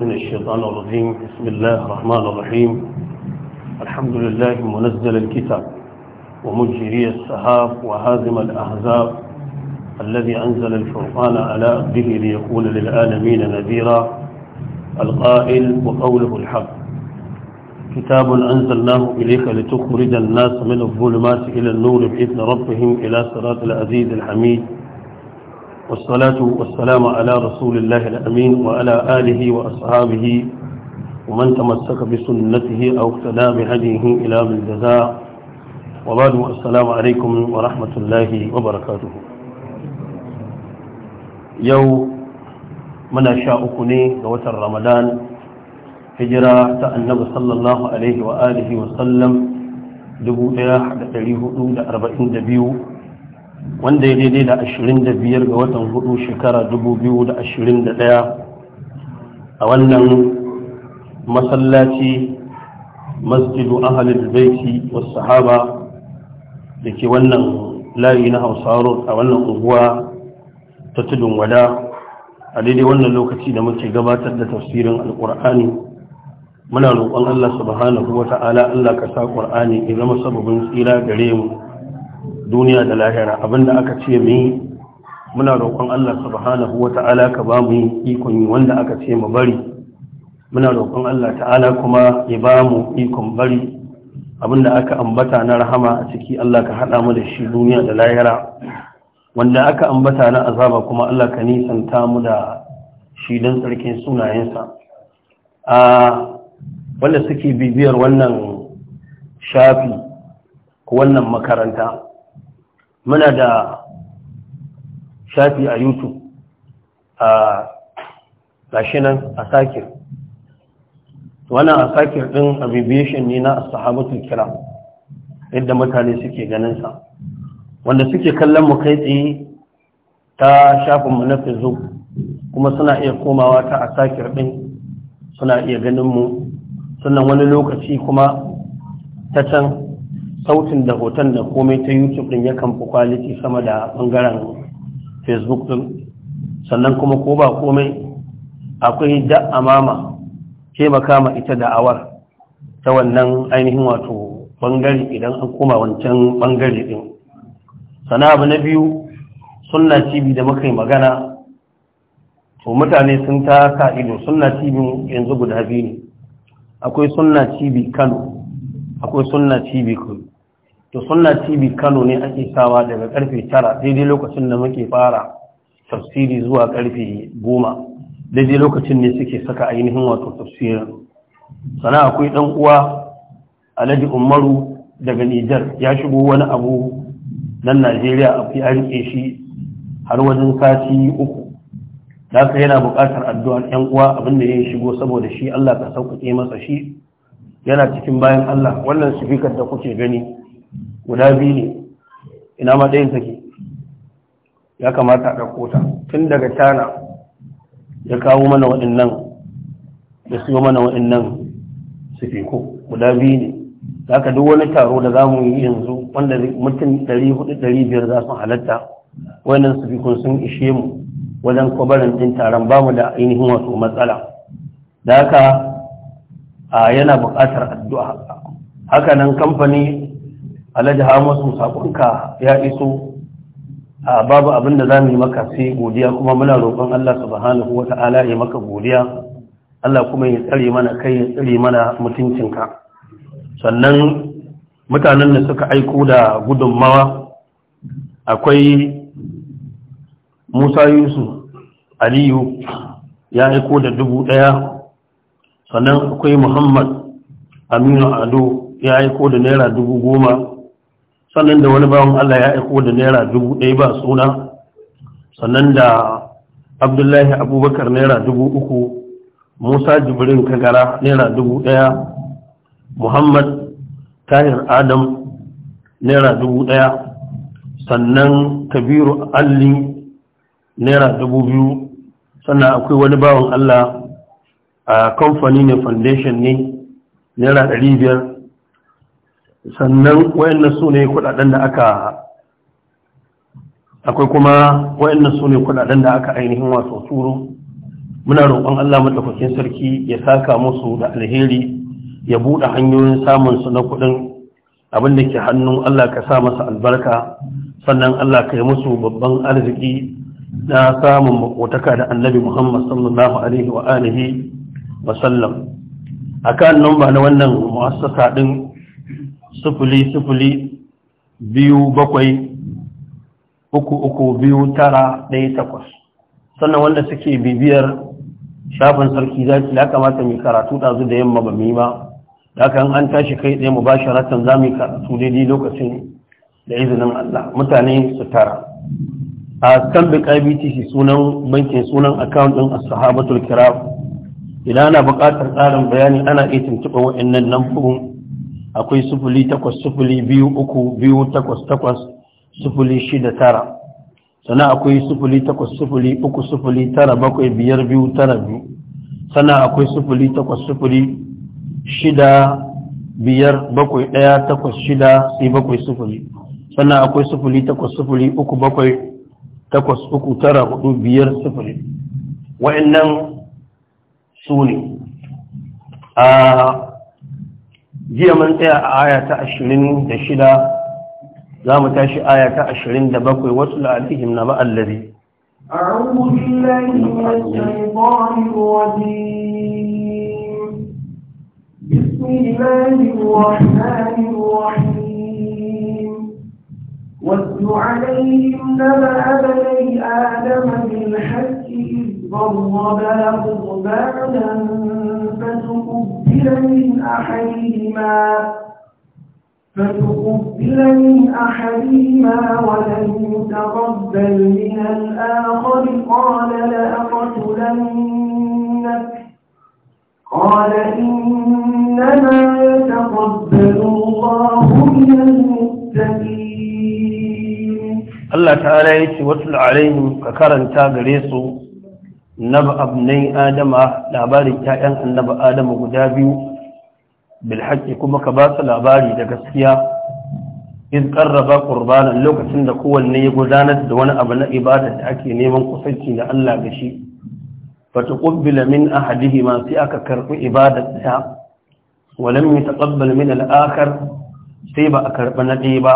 من الشيطان الرجيم بسم الله الرحمن الرحيم الحمد لله منزل الكتاب ومجري السحاب وهازم الأحزاب الذي أنزل الفرقان على به ليكون للعالمين نذيرا القائل وقوله الحق كتاب أنزلناه إليك لتخرج الناس من الظلمات إلى النور بإذن ربهم إلى صراط العزيز الحميد والصلاة والسلام على رسول الله الأمين وعلى آله وأصحابه ومن تمسك بسنته أو اقتدى بهديه إلى من جزاء وبعد السلام عليكم ورحمة الله وبركاته يوم من شاءكني قوة رمضان hijira ta annabi sallallahu alaihi wa alihi wa sallam 1442 wanda ya daidai da ashirin da biyar ga watan hudu shekara dubu biyu da da ashirin ɗaya, a wannan masallaci masjidu ahalil baiti wasu sahaba da ke wannan layi na hausaro a wannan unguwa ta tudun wada a daidai wannan lokaci da muke gabatar da tafsirin alkur'ani muna roƙon allah subhanahu wa ta'ala allah ka sa ƙur'ani ya zama sababin tsira gare mu duniya da lahira abinda aka ce mu muna roƙon Allah subhanahu wata'ala ka ba mu ikon yi wanda aka ce mu bari muna roƙon Allah ta'ala kuma ya ba mu ikon bari abinda aka ambata na rahama a ciki Allah ka haɗa mu da shi duniya da lahira wanda aka ambata na azaba kuma Allah ka nisanta mu da shi don tsarkin sunayensa a wanda suke bibiyar wannan shafi ko wannan makaranta muna da shafi a youtube a nan a sakir wannan a sakir ɗin abbreviation ne na sahabatul kira yadda mutane suke ganinsa wanda suke kallon mu kai tsaye ta shafin mu na facebook kuma suna iya komawa ta a sakir ɗin suna iya ganin mu sannan wani lokaci kuma ta can sautin da hoton da komai ta youtube din yakan fi kwaliti sama da bangaren facebook din sannan kuma ko ba komai akwai da amama taimaka ma ita da'awar ta wannan ainihin wato bangare idan an koma wancan bangare din sana abu na biyu sunna cibi da muka magana to mutane sun ta ido sunna cibin yanzu guda biyu ne akwai sunna cibi kano akwai sunna tv kano to sunna tv kano ne ake sawa daga karfe tara daidai lokacin da muke fara tafsiri zuwa karfe goma daidai lokacin ne suke saka ainihin wato tafsirin sana akwai dan uwa alhaji umaru daga nijar ya shigo wani abu nan najeriya a fi an shi har wajen sati uku da yana buƙatar addu'ar 'yan uwa abinda ya shigo saboda shi allah ka sauƙaƙe masa shi yana cikin bayan Allah wannan sifikar da kuke gani guda biyu ne ina ma ɗayan take ya kamata a ɗauko ta tun daga tana ya kawo mana waɗannan ya siyo mana waɗannan sifiko guda biyu ne za ka duk wani taro da za mu yi yanzu wanda mutum 400-500 za su halatta wannan sifikun sun ishe mu wajen kwabarin ɗin taron ba mu da ainihin wato matsala da haka yana buƙatar addu'a haka nan kamfani alhaji hamasu saƙonka ya iso a babu abin da za mu yi maka sai godiya kuma muna roƙon Allah subhanahu wa ta'ala ya maka godiya Allah kuma ya tsare mana kai ya tsare mana mutuncinka sannan mutanen da suka aiko da gudunmawa akwai musa yusuf aliyu ya aiko da dubu ɗaya sannan akwai muhammad aminu ado ya aiko da naira dubu goma sannan da wani bawan allah ya aiko da naira dubu ɗaya ba suna sannan da abdullahi abubakar naira dubu uku musa jibrin kagara naira dubu ɗaya muhammad tahir adam naira dubu ɗaya sannan kabiru alli naira dubu biyu sannan akwai wani bawan allah a kamfani ne foundation ne naira ɗari biyar sannan wayannan su ne kudaden da aka akwai kuma wayannan su ne kudaden da aka ainihin wasu turo muna roƙon Allah madaukakin sarki ya saka musu da alheri ya buɗe hanyoyin samun su na kuɗin abinda ke hannun Allah ka sa masa albarka sannan Allah ka yi musu babban arziki na samun makotaka da annabi Muhammad sallallahu alaihi wa alihi wasallam akan nomba na wannan mu'assasa din sufuli sufuli biyu bakwai uku uku biyu tara ɗaya takwas sannan wanda suke bibiyar shafin sarki zaki ya kamata mai karatu ɗazu da yamma ba mu ba da kan an tashi kai ɗaya mu ba shi ratan za mu yi karatu daidai lokacin da izinin Allah mutane su tara a kan bi sunan bankin sunan akawun ɗin a sahabatul kiram idan ana buƙatar tsarin bayani ana iya tuntuɓa waɗannan lamfurin akwai sufuli takwas sufuli biyu uku biyu takwas takwas sufuli shida tara sannan akwai sufuli takwas sufuli uku sufuli tara bakwai biyar biyu tara biyu sannan akwai sufuli takwas sufuli shida biyar bakwai ɗaya takwas shida sai bakwai sufuli sannan akwai sufuli takwas sufuli uku bakwai takwas uku tara hudu biyar sufuli wa'annan su ne a jiya mun tsaya a aya ta ashirin da shida za mu tashi aya ta ashirin da bakwai wasu la'alihim na ba'allari واتل عليهم نبأ بني آدم بالحق ضرب له بَعْدًا فتقبل من أحدهما فتقبل من أحدهما ولم يتقبل من الآخر قال لأقتلنك قال إنما يتقبل الله من المتقين الله تعالى يتوصل عليهم ككرن تاغريسو naba abnai adama labarin ƴaƴan annabi adama guda biyu bil haqqi kuma ka ba su labari da gaskiya in qarraba qurbanan lokacin da kowanne ya gudanar da wani abu na ibada da ake neman kusanci da Allah ga shi fa tuqbila min ahadihima sai aka karbi ibadar ɗaya ولم يتقبل ba. الآخر sai ɗayan نديبا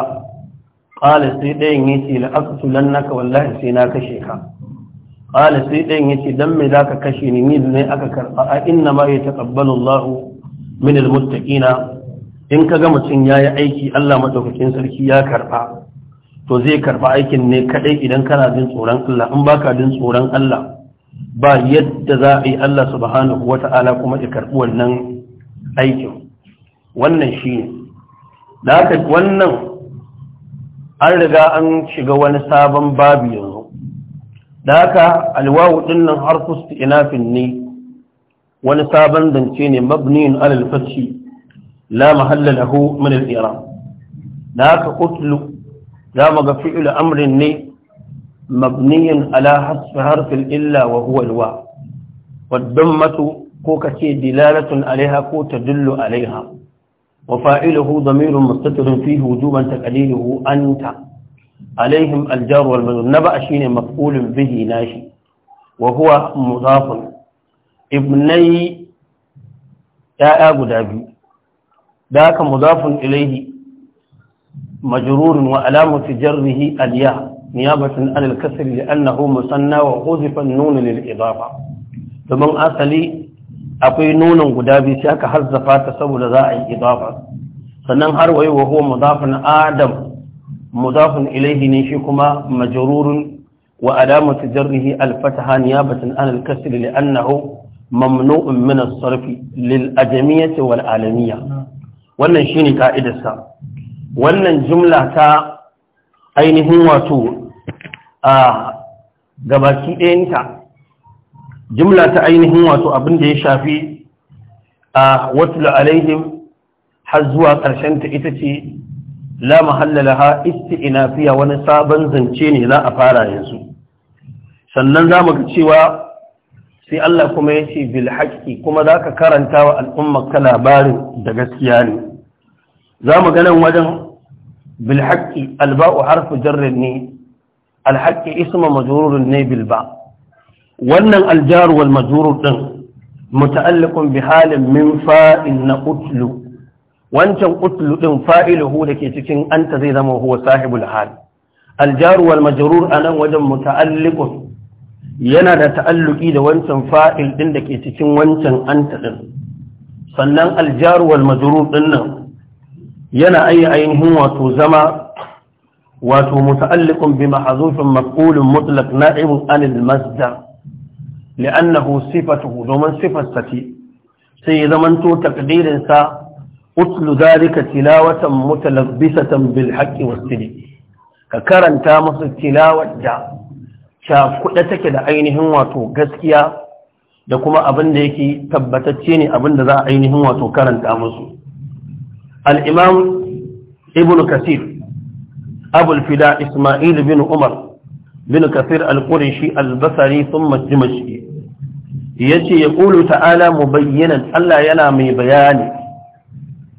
قال سيدين wallahi sai na kashe ka. qala sai dan yace dan me zaka kashe ni ni ne aka karba a inna ma yataqabbalu Allahu min almuttaqina in kaga mutun yayi aiki Allah madaukakin sarki ya karba to zai karba aikin ne kaɗai idan kana jin tsoron Allah in baka jin tsoron Allah ba yadda za a Allah subhanahu wata'ala kuma ya karbi wannan aikin wannan shine da wannan an riga an shiga wani sabon babu yanzu da haka alwawu din nan harfu inafin ne wani sabon zance ne mabniyin alal fathi la mahalla lahu min al-i'rab da haka utlu za mu ga fi'il amrin ne mabniyin ala hasfi harfin illa wa huwa alwa wadammatu ko kace dilalatun alaiha ko tadullu alaiha وفاعله ضمير مستتر فيه وجوبا تقليله أنت alaihim aljar wal mazmum shi shine maf'ulun bihi nashi wa huwa mudafun ibnai ya'ya guda biyu da haka mudafun ilaihi majrurun wa alamatu jarrihi alya niyabatan an al annahu musanna wa huzifa an-nun domin asali akwai nunan guda biyu sai aka hazzafa ta saboda za a yi idafa sannan har wayo wa huwa adam Muzafin ilaihi ne shi kuma majrurun wa alamatu jarrihi al batun niyabatan an al-kasr li'annahu mamnu'un min as-sarfi lil-ajamiyyati wal-alamiyya wannan shine ka'idarsa wannan jumla ta ainihin wato a gabaki ɗayanta jumla ta ainihin wato abin da ya shafi a watul alaihim har zuwa ƙarshen ta ita ce la mahallalaha isti'nafiya wani sabon zance ne za a fara yanzu sannan zamu ga cewa sai Allah kuma ya ce bil haqqi kuma zaka karanta wa al'umma ka labarin da gaskiya ne Za mu ganin wajen bil haqqi alba'u harfu jarr ne al haqqi ismu majrur ne bil ba wannan al jar wal majrur din muta'alliqun bi halin min fa'in na utlu wancan utlu din fa'iluhu da ke cikin anta zai zama huwa sahibul hal aljar wal a nan wajen yana da ta'alluki da wancan fa'il din da ke cikin wancan anta din sannan aljar wal majrur din nan yana ayi ainihin wato zama wato muta'alliqun bi mahzufin maf'ulun mutlaq na'ibun anil masdar li'annahu sifatuhu domin sifarsa ce sai ya zamanto sa. utlu zalika tilawatan mutalabbisatan bil haqqi was ka karanta musu tilawar da sha kuɗa take da ainihin wato gaskiya da kuma abin da yake tabbatacce ne abin da za a ainihin wato karanta musu al-imam ibn kasir abul fida isma'il bin umar bin kasir al-qurashi al-basri thumma dimashqi yace yaqulu ta'ala mubayyanan Allah yana mai bayani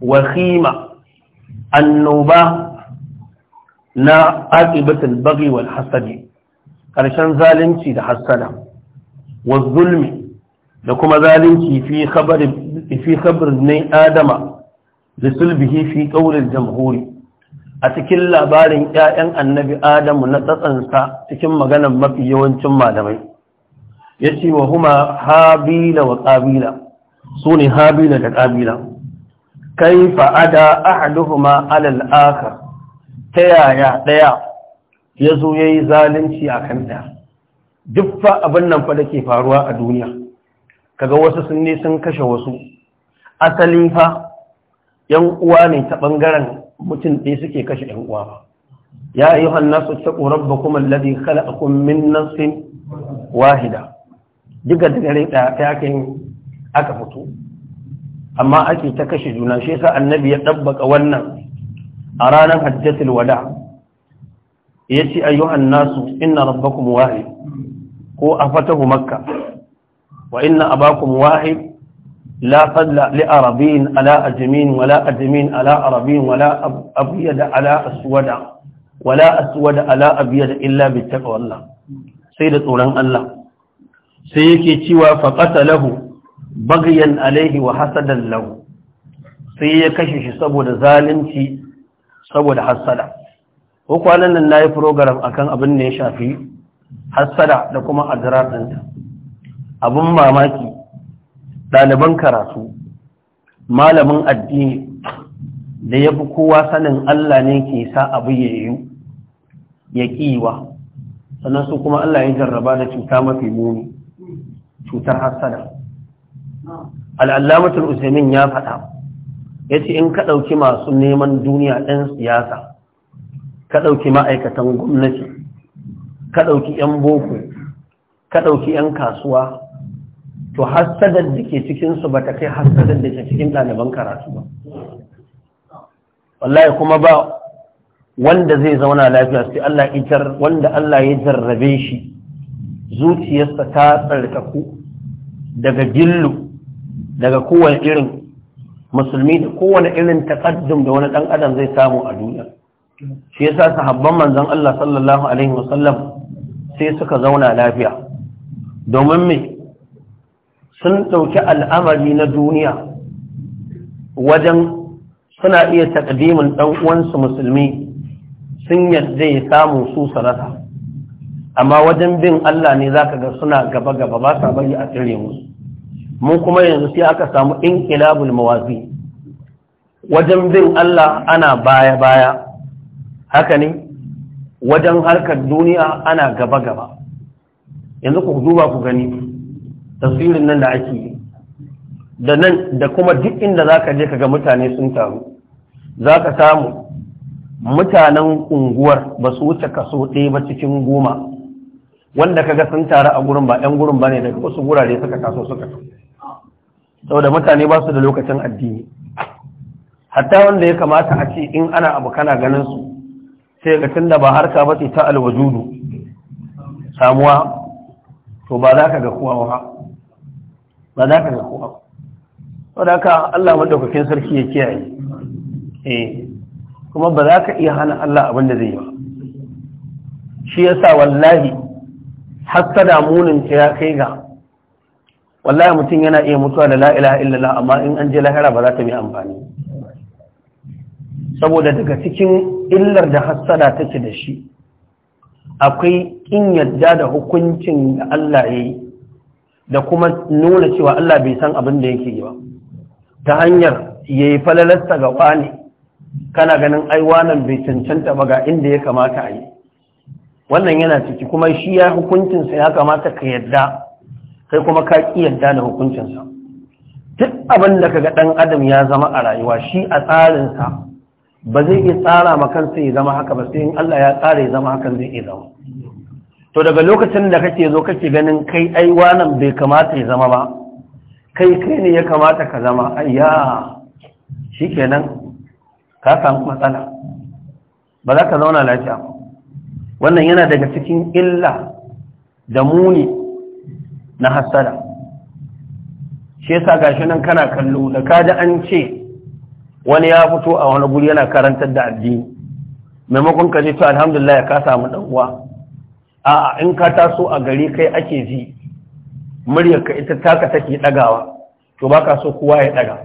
Wahima annoba na aqibatul baghi wal hasadi karshen zalunci da hasada wa zulmi da kuma zalunci fi khabari khabar ne adama da sulbihi fi qawlil jamhuri a cikin labarin ƴaƴan annabi adamu na tsatsansa cikin maganar mafi yawancin malamai yace wa huma habila wa Su sune habila da ƙabila kai fa'ada ahaduhuma alal akhar ta yaya ɗaya ya zo ya yi zalunci a kan ɗaya duk fa abin nan fa da faruwa a duniya kaga wasu sun ne sun kashe wasu asali fa yan uwa ne ta ɓangaren mutum ɗaya suke kashe yan uwa ba ya yi hannasu ta ƙorar kuma ladi khalaqakum min nafsin wahida diga daga rai ɗaya aka fito amma ake ta kashe juna shi yasa annabi ya dabbaka wannan a ranar hajjatul wada yace ayyuhan nasu inna rabbakum wahid ko afatahu makka wa inna abakum wahid لا فضل لأربي على أجمين ولا أجمين على أربي ولا أبيض على أسود ولا أسود على أبيض إلا بالتقوى الله سيدة أولان الله سيكي تيوى فقتله bagiyan alaihi wa hasadan lahu sai ya kashe shi saboda zalunci saboda hasada ko kwanan nan na program akan abin da ya shafi hasada da kuma adirar ta abin mamaki ɗaliban karatu malamin addini da yafi kowa sanin Allah ne ke sa abu ya yi ya kiwa sannan su kuma Allah ya jarraba da cuta mafi muni cutar hasada al'allamatul usaimin ya faɗa ya ce in ka ɗauki masu neman duniya ɗan siyasa ka ɗauki ma'aikatan gwamnati ka ɗauki 'yan boko ka ɗauki 'yan kasuwa to hassadar da ke cikinsu ba ta kai hassadar da ke cikin ɗaliban karatu ba wallahi kuma ba wanda zai zauna lafiya sai Allah wanda Allah ya jarrabe shi zuciyarsa ta tsarkaku daga gillu daga kowane irin musulmi da kowane irin takaddun da wani dan adam zai samu a duniya shi yasa sahabban manzan Allah sallallahu alaihi wasallam sai suka zauna lafiya domin me sun ɗauki al'amari na duniya wajen suna iya takdimin ɗan uwansu musulmi sun yadda ya samu su sarata amma wajen bin Allah ne zaka ga suna gaba gaba ba sa bari a tsire musu mu kuma yanzu sai aka samu inqilabul mawazi wajen bin Allah ana baya baya haka ne wajen harkar duniya ana gaba gaba yanzu ku duba ku gani tasirin nan da ake yi da nan da kuma duk inda za ka je ka ga mutane sun taru zaka samu mutanen unguwar ba su wuce kaso ɗaya ba cikin goma wanda kaga sun taru a gurin ba 'yan gurin ba ne daga wasu gurare suka taso suka tafi saboda mutane ba su da lokacin addini hatta wanda ya kamata a ce in ana abu kana ganin su sai ga da ba harka ba ta alwajudu samuwa to ba za ka ga kowa ba ba za ka ga kowa ba saboda ka Allah madaukakin sarki ya kiyaye e kuma ba za ka iya hana Allah abin da zai yi ba shi yasa wallahi hatta damunin ta ya kai ga wallahi mutum yana iya mutuwa da la illallah amma in an je lahira ba za ta yi amfani saboda daga cikin illar da hassada take da shi akwai kin yadda da hukuncin da Allah ya yi da kuma nuna cewa Allah bai san abin da yake yi ba ta hanyar ya yi falalasta ga wani kana ganin aiwanan bai cancanta ba ga inda ya kamata a yi wannan yana ciki kuma shi ya hukuncinsa ya kamata ka yadda kai kuma ka kiyanta da hukuncinsa duk abin da kaga ɗan adam ya zama a rayuwa shi a tsarinsa ba zai iya tsara ma kansa ya zama haka ba sai in Allah ya tsara ya zama hakan zai iya zama to daga lokacin da kake zo kake ganin kai ai wannan bai kamata ya zama ba kai kai ne ya kamata ka zama ayya shikenan ka samu matsala ba za ka zauna lafiya wannan yana daga cikin illa da muni na hasada shi yasa gashi nan kana kallo da kaji an ce wani ya fito a wani guri yana karantar da addini maimakon ka ce to alhamdulillah ka samu dan uwa a in ka taso a gari kai ake ji muryar ka ita taka take dagawa to baka so kowa ya daga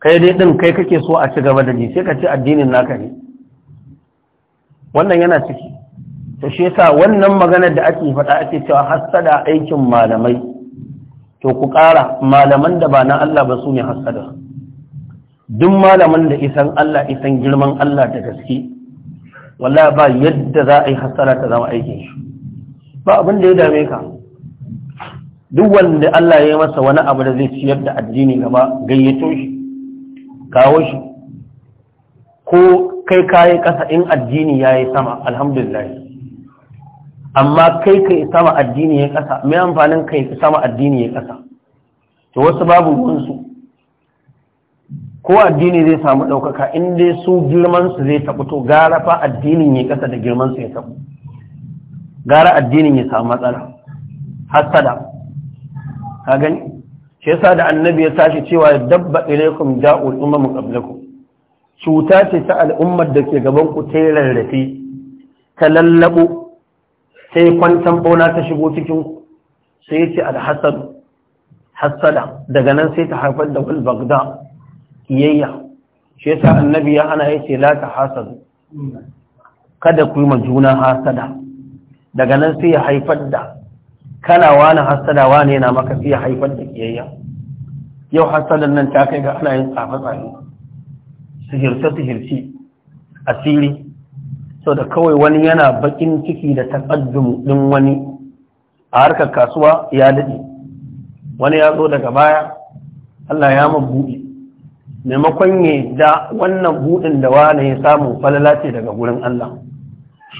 kai dai din kai kake so a ci gaba da ji sai ka ci addinin naka ne wannan yana ciki to shi yasa wannan maganar da ake faɗa ake cewa hassada aikin malamai to ku ƙara malaman da ba na Allah ba su ne hassada duk malaman da isan Allah isan girman Allah da gaske wallahi ba yadda za a yi hassada ta zama aikin shi ba abin da ya dame ka duk wanda Allah ya yi masa wani abu da zai ciyar da addini gaba gayyato shi kawo shi ko kai kayi ƙasa in addini ya yi sama alhamdulillah amma kai ka isa ma addini ya ƙasa mai amfanin ka isa ma addini ya ƙasa to wasu babu ruwansu ko addini zai samu ɗaukaka in dai su girmansu zai taɓu to gara fa addinin ya ƙasa da girmansu ya taɓu gara addinin ya samu matsala hasada ka gani shi yasa da annabi ya tashi cewa dabba ilaikum da'ul ummamu qablakum cuta ce ta al'ummar da ke gaban ku ta rarrafe ta lallabo sai kwantan bauna ta shigo cikin sai ya ce alhassadu hassada daga nan sai ta haifar da wal bagda kiyayya shi yasa annabi ya ana yace la ta hasadu kada ku yi ma juna hasada daga nan sai ya haifar da kana wani hasada wani yana maka sai ya haifar da kiyayya yau hasadan nan ta kai ga ana yin tsafe tsafe sihirce sihirce asiri so da kawai wani yana bakin ciki da taƙaddum ɗin wani a harkar kasuwa ya daɗe wani ya zo daga baya Allah ya ma buɗe maimakon ya da wannan buɗin da wani ya samu falala ce daga gurin Allah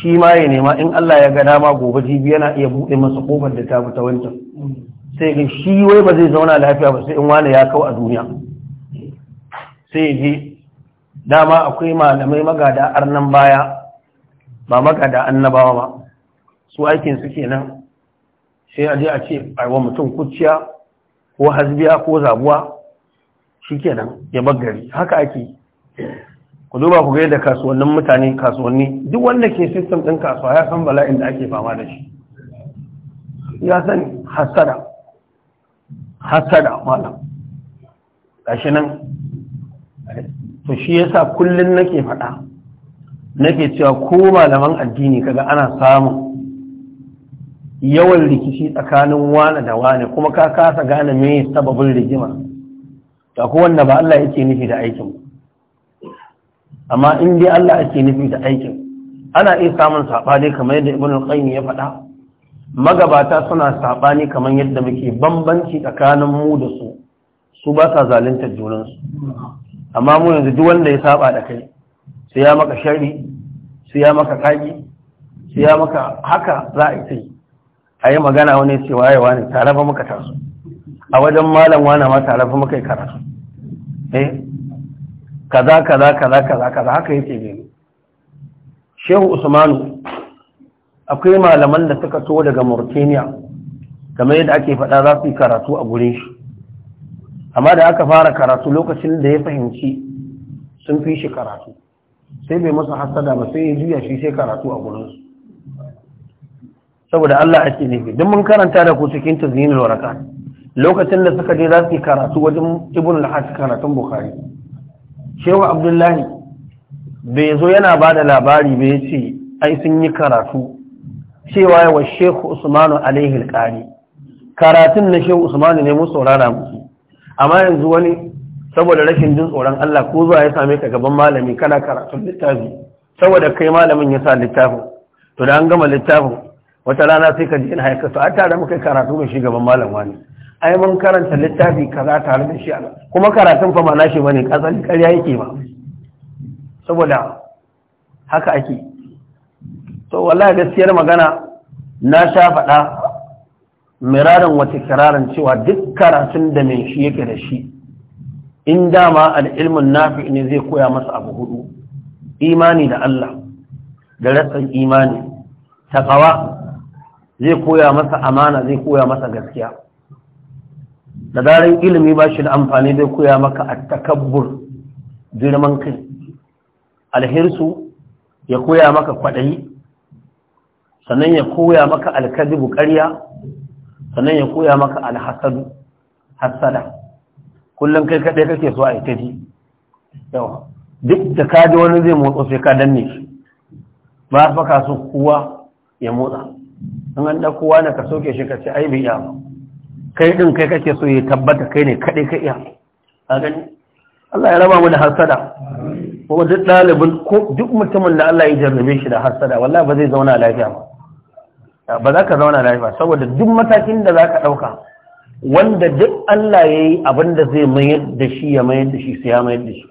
shi ma ya nema in Allah ya ga dama gobe jibi yana iya buɗe masa kofar da ta fita wancan sai ga shi wai ba zai zauna lafiya ba sai in wani ya kawo a duniya sai ya je dama akwai malamai magada arnan baya ba da annabawa ba su aikin su kenan sai a je a ce aiwa mutum kuciya ko hasbiya ko zabuwa shi kenan ya gari haka ake ku duba ku gaida kasuwannin mutane kasuwanni duk wanda ke sistem ɗin kasuwa ya san bala'in da ake fama da shi ya san hasada hasada malam gashi nan to shi yasa kullun nake faɗa nake cewa ko malaman addini kaga ana samun yawan rikici tsakanin wane da wane kuma ka kasa gane me sababin rigima ta ko wanda ba Allah yake nufi da aikin amma in dai Allah yake nufi da aikin ana iya samun sabani kamar yadda Ibn al-Qayyim ya faɗa magabata suna sabani kamar yadda muke bambanci tsakanin mu da su su ba sa zalunta junansu amma mu yanzu duk wanda ya saba da kai sai ya maka shari sai ya maka kaji sai ya maka haka za a yi a yi magana wani cewa yawa ne tare fa maka taso a wajen malam wana ma tare fa maka yi karatu eh kaza kaza kaza kaza kaza haka yake ne shehu usmanu akwai malaman da suka to daga mauritania kamar yadda ake faɗa za su yi karatu a gurin shi amma da aka fara karatu lokacin da ya fahimci sun fi shi karatu sai bai masa hasada ba sai ya juya shi sai karatu a gurinsu saboda Allah ake nufi duk mun karanta da ku cikin tazinul waraka lokacin da suka je za su yi karatu wajen ibnu al hasan karatun bukhari shehu abdullahi bai zo yana ba da labari bai yace ai sun yi karatu cewa wa shehu Usman alaihi al-qari karatun na shehu Usman ne mu saurara musu amma yanzu wani saboda rashin jin tsoron Allah ko zuwa ya same ka gaban malami kana karatun littafi saboda kai malamin ya sa littafin to da an gama littafin wata rana sai ka ji in haika su a tare muka karatu mai shi gaban malam wani ai mun karanta littafi kaza tare da shi kuma karatun fa ma nashi bane kasali ƙarya yake ba saboda haka ake to wallahi gaskiyar magana na sha faɗa miraran wata kiraran cewa duk karatun da mai shi yake da shi in dama al'ilmin nafi ne zai koya masa abu hudu imani da Allah da rassan imani taƙawa zai koya masa amana zai koya masa gaskiya da zarar ilimi ba shi da amfani zai koya maka a takabbur girman kai alhirsu ya koya maka kwaɗayi sannan ya koya maka alkazibu ƙarya sannan ya koya maka alhassadu hassada kullum kai kaɗai kake so a yi tafi. yawa duk da ka ji wani zai motsa sai ka danne shi ba fa ka so kowa ya motsa in an kowa na ka soke shi ka ce ai bai iya kai ɗin kai kake so ya tabbata kai ne kaɗai ka iya a gani Allah ya raba mu da hasada kuma duk ɗalibin ko duk mutumin da Allah ya jarrabe shi da hasada wallahi ba zai zauna lafiya ba ba za ka zauna lafiya saboda duk matakin da za ka ɗauka wanda duk Allah ya yi abin da zai mayar da shi ya mayar da shi sai ya mayar da shi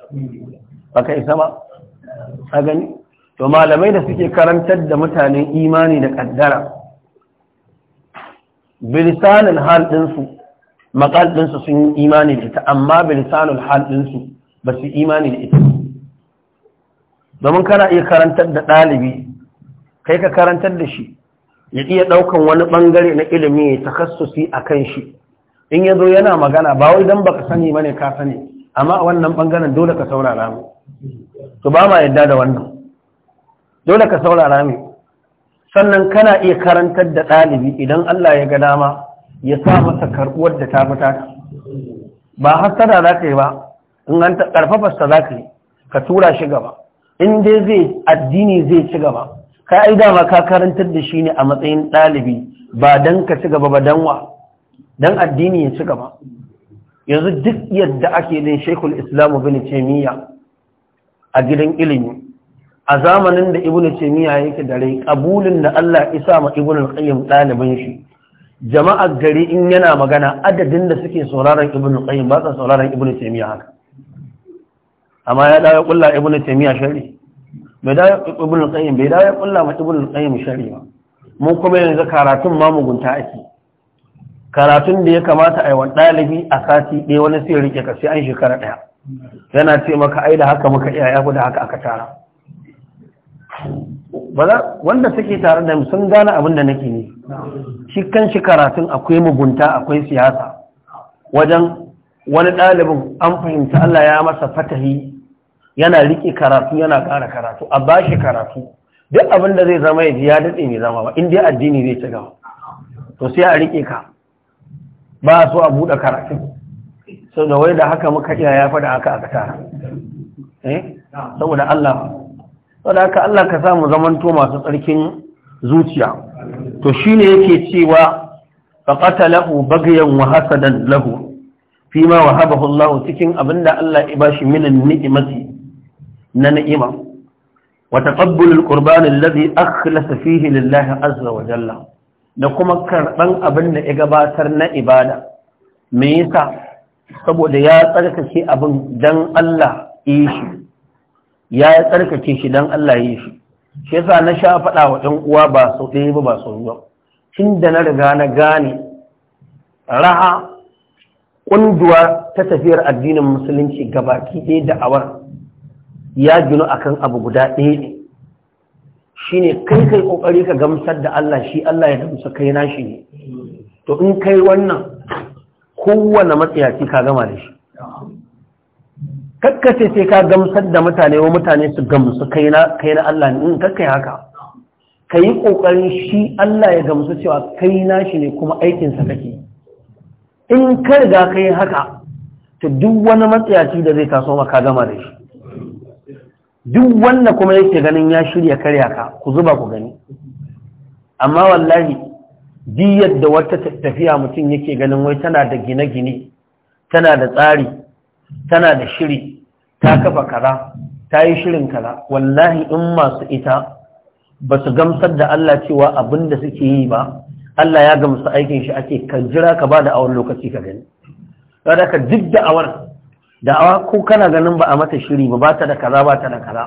baka isa ba a gani to malamai da suke karantar da mutane imani da kaddara bilisanin hal ɗinsu makal ɗinsu sun yi imani da ita amma bilisanin hal ɗinsu ba su imani da ita domin kana iya karantar da ɗalibi kai ka karantar da shi ya iya ɗaukan wani ɓangare na ilimi ya takassusi a kan shi in ya zo yana magana ba wai don baka sani bane ka sani amma a wannan bangaren dole ka saurara mu to ba ma yadda da wannan dole ka saurara mu sannan kana iya karantar da ɗalibi idan Allah ya ga dama ya sa masa karɓuwar da ta fita ba hasara za ka yi ba in an karfafarsa za ka yi ka tura shi gaba in dai zai addini zai ci gaba ka ai dama ka karantar da shi ne a matsayin ɗalibi ba don ka ci gaba ba don wa Don addini ya ci gaba yanzu duk yadda ake din Sheikhul islamu bin cemiya a gidan ilimi a zamanin da Ibn cemiya yake da rai kabulin da Allah isa ma Ibn al-Qayyim ɗalibin shi jama'ar gari in yana magana adadin da suke sauraron Ibn qayyim ba sa sauraron Ibn cemiya haka amma ya dawo kulla Ibn cemiya shari bai dawo Ibn qayyim bai dawo kulla ma Ibn qayyim shari ba mun kuma yanzu karatun ma mugunta ake karatun da ya kamata a yi wa ɗalibi a sati ɗaya wani sai rike ka sai an shekara ɗaya yana ce maka ai da haka muka iya yafi da haka aka tara wanda suke tare da mu sun gane abin da nake ne shi kan shi karatun akwai mugunta akwai siyasa wajen wani ɗalibin an fahimta Allah ya masa fatahi yana rike karatu yana ƙara karatu a bashi karatu duk abin da zai zama ya ji ya daɗe mai zama ba in dai addini zai ci gaba to sai a rike ka ba su a buɗe karatun sau da wai da haka muka iya ya faɗa aka aka tara eh? saboda Allah saboda haka Allah ka samu zamanto masu tsarkin zuciya to shi ne yake cewa faqatalahu bagyan wa lahu fima wahabahu Allah cikin abinda Allah ya bashi minan ni'imati na ni'ima wa taqabbulul qurban alladhi akhlasa fihi lillahi azza wa jalla da kuma karɓan abin da ya gabatar na ibada me yasa saboda ya tsarkake abin dan Allah yi shi ya tsarkake shi dan Allah yi shi shi yasa na sha faɗa wa ɗan uwa ba sau ɗaya ba ba sau biyu tun da na riga na gane raha ƙunduwa ta tafiyar addinin musulunci gabaki ɗaya da awar ya ginu akan abu guda ɗaya ne shine kai kai kokari ka gamsar da Allah shi Allah ya gamsa kai na shi ne to in kai wannan kowane matsayaci ka gama da shi kakkace sai ka gamsar da mutane wa mutane su gamsu kai na kai na Allah ne in kakkai haka kai kokarin shi Allah ya gamsu cewa kai na shi ne kuma aikin sa kake in ka riga kai haka to duk wani matsayaci da zai taso maka gama da shi duk wanda kuma yake ganin ya shirya karya ka ku zuba ku gani amma wallahi diyar da wata tafiya mutum yake ganin wai tana da gine-gine tana da tsari tana da shiri ta kafa kara, ta yi shirin kara. wallahi in masu ita ba su gamsar da Allah cewa abin da suke yi ba Allah ya gamsu aikin shi ake kan jira ka ba da awon lokaci ka gani ka duk da awar da'awa ko kana ganin ba a mata shiri ba ba ta da kaza ba da kaza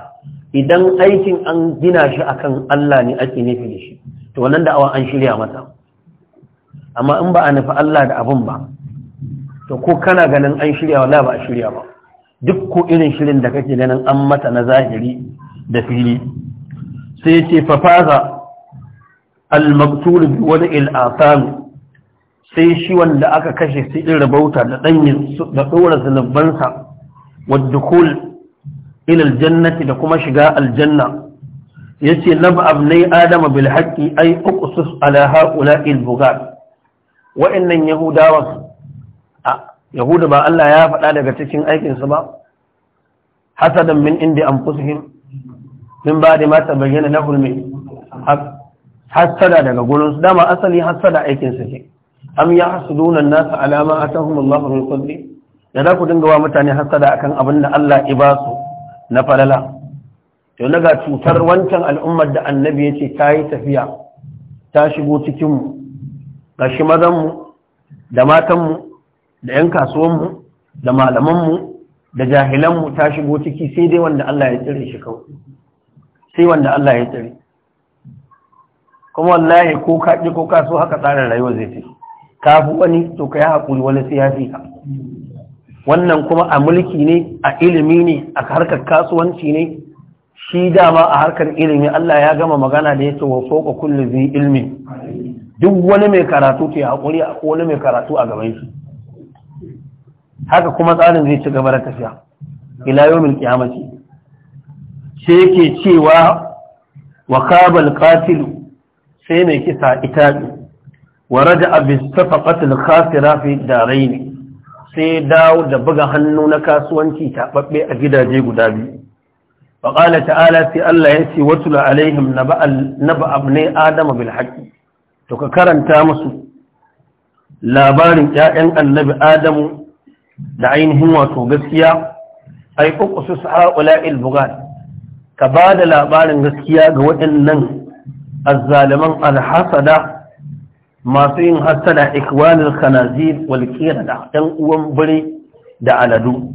idan aikin an gina shi akan Allah ne ake nufi da shi to wannan da'awa an shirya mata amma in ba a nufi Allah da abun ba to ko kana ganin an shirya wallahi ba a shirya ba duk ko irin shirin da kake ganin an mata na zahiri da fili sai ce fafaza al-maqtul bi wada'il asami sai shi wanda aka kashe sai bauta rabauta da ɗanyi da ɗora zunubansa wadda kul ilal da kuma shiga aljanna ya ce lab abnai adama bil haƙƙi ai uqsus ala haula il bugat wa'annan yahudawa a yahuda ba Allah ya faɗa daga cikin aikinsu ba hasadan min an anfusihim min ba da mata bayyana na hulmi hasada daga gurinsu dama asali hasada aikinsu ce am yahsuduna an alama a atahum Allah min fadli da za ku dinga wa mutane hasada akan abin da Allah ya ba su na falala to naga cutar wancan al'ummar da annabi ce ta yi tafiya ta shigo cikin mu gashi mazan mu da matan mu da yan kasuwan mu da malaman mu da jahilan mu ta shigo ciki sai dai wanda Allah ya tsare shi kawai sai wanda Allah ya tsare kuma wallahi ko ka ji ko ka so haka tsarin rayuwa zai tafi ka wani to ka yi haƙuri wani siyasi ka wannan kuma a mulki ne a ilimi ne a harkar kasuwanci ne shi dama a harkar ilimi Allah ya gama magana da ya ce wa foka kullu zai ilmi duk wani mai karatu ke haƙuri a wani mai karatu a gaban shi haka kuma tsarin zai ci gaba da tafiya ila mil qiyamati shi yake cewa wa katilu qatil sai mai kisa ita wa raja'a bis safaqatil khasira fi darain sai dawo da buga hannu na kasuwanci taɓaɓɓe a gidaje guda biyu wa ta'ala sai Allah ya ce watul alaihim naba'al nab'a ibn adam bil haqqi to ka karanta musu labarin ƴaƴan annabi adamu da ainihin wato gaskiya ai uqsus ha'ula'il bugat ka ba da labarin gaskiya ga waɗannan azzaliman alhasada masu yin hassada ikwanul kanazir walƙira da dan uwan biri da aladu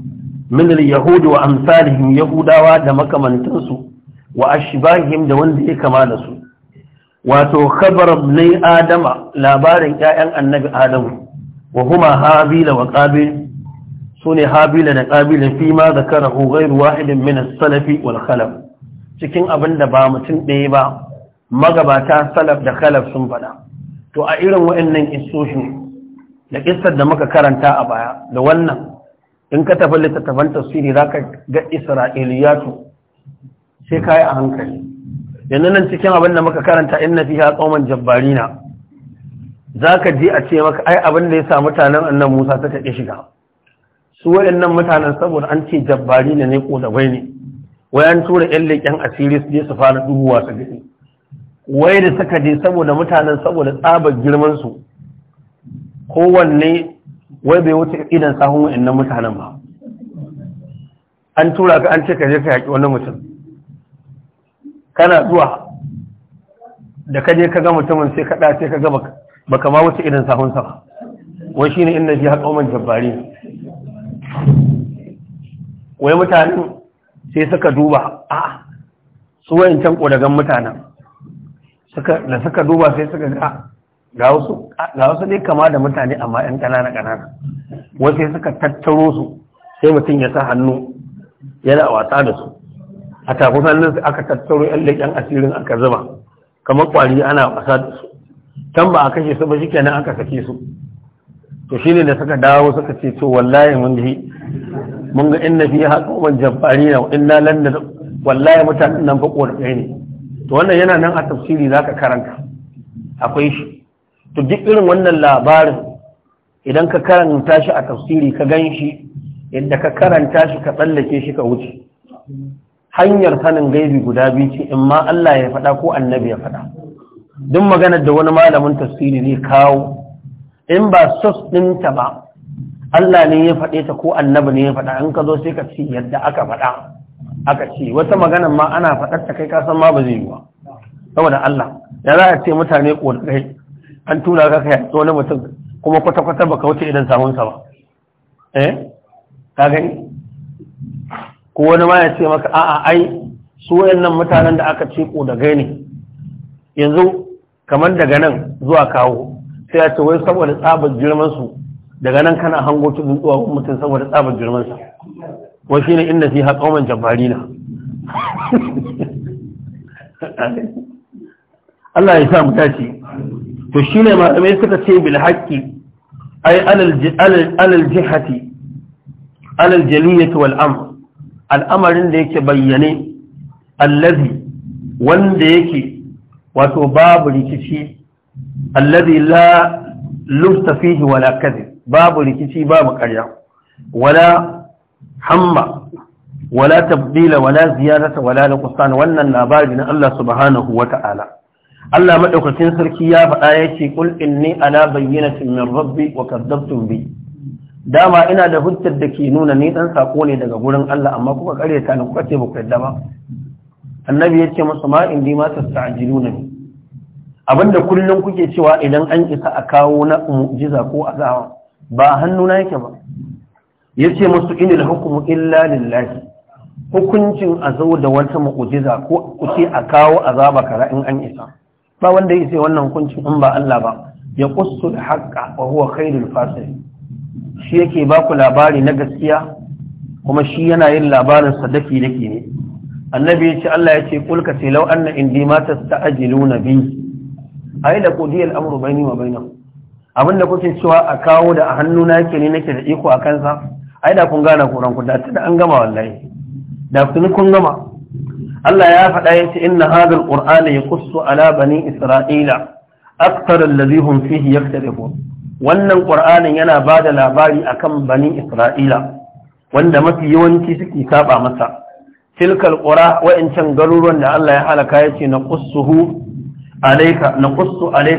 min al yahudi wa amsalihim yahudawa da makamantansu wa ashbahihim da wanda ya kama da su wato khabar ne adama labarin 'ya'yan annabi adamu wa huma habila wa qabil sune habila da qabil fi ma zakarahu ghayr wahidin min as-salaf wal khalaf cikin abinda ba mutum ɗaya ba magabata salaf da khalaf sun faɗa to a irin waɗannan kissoshin da kissar da muka karanta a baya da wannan in ka tafi littattafan tasiri, za ka ga isra'iliyatu sai ka yi a hankali yanzu nan cikin abin da muka karanta in na fiya tsoman jabbarina za ka ji a ce maka ai abin da ya sa mutanen annan musa ta taɓe shiga su waɗannan mutanen saboda an ce jabbarina ne ko da bai ne wayan tura yan leƙen asiri su je su fara dubuwa su gani wai da suka je saboda mutanen saboda tsabar girmansu kowanne wai bai wuce idan sahun wa'annan mutanen ba an tura ka an ce ka je ka yaƙi wani mutum kana zuwa da ka je ka ga mutumin sai ka ɗace ka ga ba ka ma wuce idan sahunsa ba wai shi ne inda ji haƙoman jabbari wai mutanen sai suka duba a su can ƙodagan mutanen da suka duba sai suka ga ah, ga wasu ne kama da mutane amma 'yan ƙanana ƙanana wasu suka tattaro su sai mutum ya sa hannu yana wasa da su a tafin hannun su aka tattaro 'yan leƙen asirin aka zuba kamar ƙwari ana wasa da su can ba a kashe su ba shi kenan aka sake su to shi ne da suka dawo suka ce to wallahi mun ji mun ga inna fi haƙoƙon jabari na inna landa wallahi mutanen nan fa ƙorafai ne to wannan yana nan a tafsiri zaka karanta akwai shi to duk irin wannan labarin idan ka karanta shi a tafsiri ka gan shi yadda ka karanta shi ka tsallake shi ka wuce hanyar sanin gaibi guda biyu ce in ma Allah ya faɗa ko annabi ya faɗa duk maganar da wani malamin tafsiri ne kawo in ba sos ɗinta ba Allah ne ya faɗe ta ko annabi ne ya faɗa in ka zo sai ka ci yadda aka faɗa aka ce wata magana ma ana faɗar ta kai kasan ma ba zai yi ba saboda Allah ya za a ce mutane ƙorai an tura ka kai na mutum kuma kwata-kwata ka wuce idan samun sa ba eh ka gani ko wani ma ya ce maka a'a ai su wayannan mutanen da aka ce da ne yanzu kamar daga nan zuwa kawo sai ya ce wai saboda tsabar girman su daga nan kana hango tudun zuwa mutum saboda tsabar girman sa wa shine inna fi haqawman na? Allah ya sa mu to shine malamai suka ce bil haqqi ay alal jihati alal jaliyati wal am al'amarin da yake bayyane allazi wanda yake wato babu rikici allazi la lufta fihi wala kadhib babu rikici babu ƙarya wala hamma wala tabdila wala ziyarata wala nuqsan wannan labari na Allah subhanahu wata'ala Allah madaukakin sarki ya faɗa yake qul inni ala bayyinatin min rabbi wa kadzabtum bi dama ina da hujjar da ke nuna ni dan sako ne daga gurin Allah amma kuka kareta ni kuka ce ba ku yadda ba annabi ya ce musu ma indi ma tasta'jiluna ni abinda kullum kuke cewa idan an isa a kawo na mu'jiza ko azaba ba hannuna yake ba ce musu inil hukmu illa lillahi hukuncin a zo da wata muujiza ko ku ce a kawo azaba kara in an isa ba wanda isa wannan hukuncin in ba Allah ba ya qussu da haqqa wa huwa khairul fasil shi yake ba ku labari na gaskiya kuma shi yana yin labarin sadaki dake ne annabi ya ce Allah ya ce kulka ce lau anna indi ma tasta'jiluna bi ai da qudiya al-amru baini wa bainakum abinda kuke cewa a kawo da a hannuna yake ne nake da iko a kansa ai da kun gane kuran ku da tunda an gama wallahi da kun kun gama Allah ya faɗa yace inna hadha alqur'ana yaqussu ala bani isra'ila akthar alladhi hum fihi yaktalifun wannan qur'anin yana bada labari akan bani isra'ila wanda mafi yawanci suke saba masa tilkal qura wa'incan garuruwan da Allah ya halaka yace na qussuhu alaika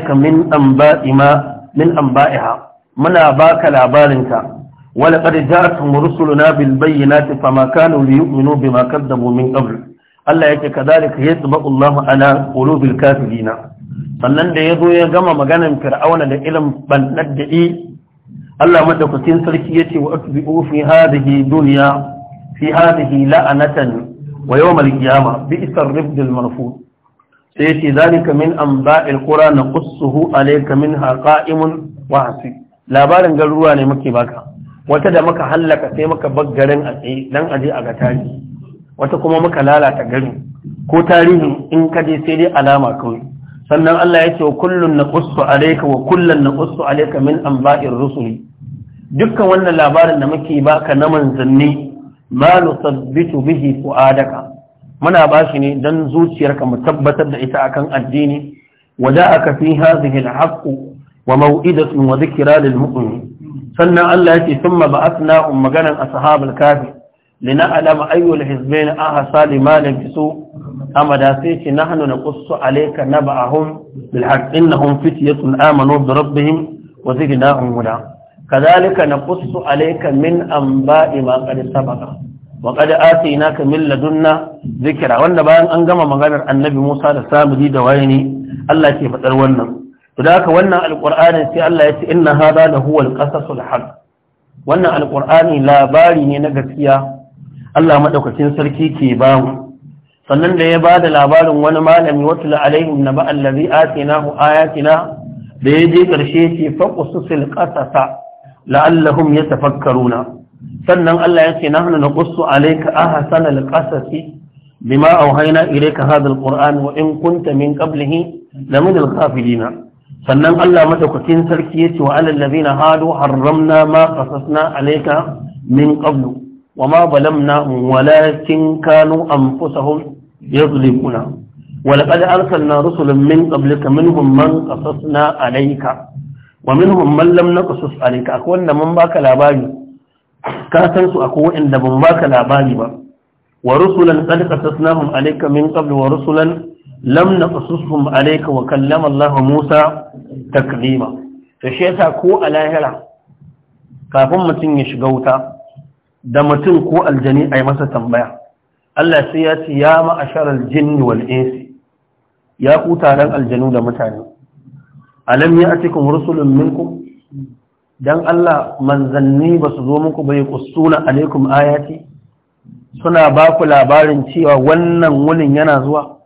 na min anba'i ma min anba'iha muna baka labarinta ولقد جاءتهم رسلنا بالبينات فما كانوا ليؤمنوا بما كذبوا من قبل الله yake kadalika yatba'u Allah ala qulubil kafirin sannan da yazo ya gama maganar fir'auna da ilm bandar da i Allah madaukakin sarki yace wa atbi'u fi hadhihi dunya fi hadhihi la'anatan wa yawm al-qiyamah bi ar-rifd al-marfud sai yace zalika min anba'il qura naqussuhu alayka minha qa'imun wa hasib labarin garuruwa ne muke baka wata da muka hallaka sai muka bar garin a tsaye dan aje a ga tarihi wata kuma muka lalata gari ko tarihin in ka je sai dai alama kawai sannan Allah ya ce wa kullun naqussu alayka wa kullun naqussu alayka min anba'ir rusuli dukkan wannan labarin da muke baka na manzanni ma nusabbitu bihi fu'adaka muna bashi ne dan zuciyarka mu tabbatar da ita akan addini wada'aka fi hadhihi al-haqq wa maw'idatun wa dhikra lil mu'min sannan Allah yake thumma ba'athna um maganan ashabul kafi lina alama ayyul hizbain ahsa liman fisu amada sai ce nahnu naqussu alayka naba'ahum bil haqq innahum fityatun amanu bi rabbihim wa zidnahum huda kadhalika naqussu alayka min anba'i ma qad sabaqa wa qad atinaka min ladunna dhikra wanda bayan an gama maganar annabi Musa da Samudi da wayani Allah ke fadar wannan to haka wannan alqur'anin sai Allah ya ce inna hadha la huwa alqasasul haq wannan Alƙur'ani labari ne na gaskiya Allah madaukakin sarki ke ba mu sannan da ya ba da labarin wani malami watul alaihim naba allazi atinahu ayatina da ya je karshe ce faqusul qasasa la'allahum yatafakkaruna sannan Allah ya ce nahnu naqussu alayka ahsana alqasasi bima awhayna ilayka hadha alquran wa in kunta min qablihi lamin alghafilina sannan Allah madaukakin sarki ya ce wa alal ladina hadu harramna ma qasasna alayka min qablu wama balamna walakin kanu anfusahum yadhlimuna ولقد أرسلنا رسلا من قبلك منهم من قصصنا عليك ومنهم من لم نقصص عليك أكون من baka labari. ka san su akwai waɗanda ban baka labari ba wa rusulan qad qasasnahum alayka min qabl wa rusulan lam naqsusuhum alayka wa kallama Allah Musa taklima to shi yasa ko a lahira kafin mutum ya shiga wuta da mutum ko aljani yi masa tambaya Allah sai ya ce ya ma'ashar aljin wal ya ku taron aljanu da mutane alam ya'tikum rusulun minku? Don Allah manzanni ba su zo muku bai kusuna alaikum ayati suna ba ku labarin cewa wannan wulin yana zuwa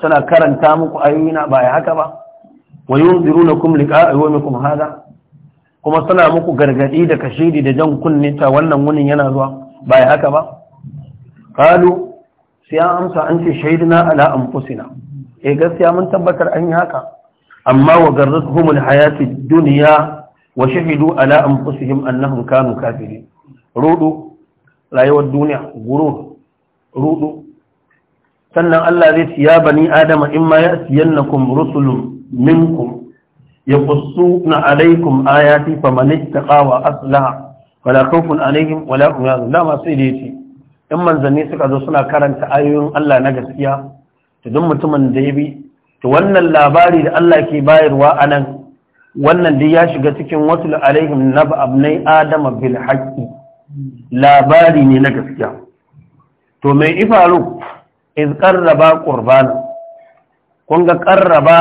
suna karanta muku ayoyina ba ya haka ba wa na liqa'a yawmikum hadha kuma suna muku gargadi da kashidi da jan kunne ta wannan wunin yana zuwa ba ya haka ba Kalu. sai an amsa an ce shaidina ala anfusina eh gaskiya mun tabbatar an yi haka amma wa garratuhum hayati duniya, wa shahidu ala anfusihim annahum kanu kafirin rudu rayuwar duniya gurur rudu sannan Allah zai ci ya bani adama in ma na rusulun minkum yaqussuna alaykum ayati faman ittaqa wa aslaha wala khawfun alaihim wala hum yahzanun sai da ce. in manzanni suka zo suna karanta ayoyin Allah na gaskiya to duk mutumin da ya bi to wannan labari da Allah ke bayarwa anan wannan dai ya shiga cikin wasu alaihim naba abnai adama bil haqqi labari ne na gaskiya to mai ifaru iz qarraba qurbana kun ga ƙarraba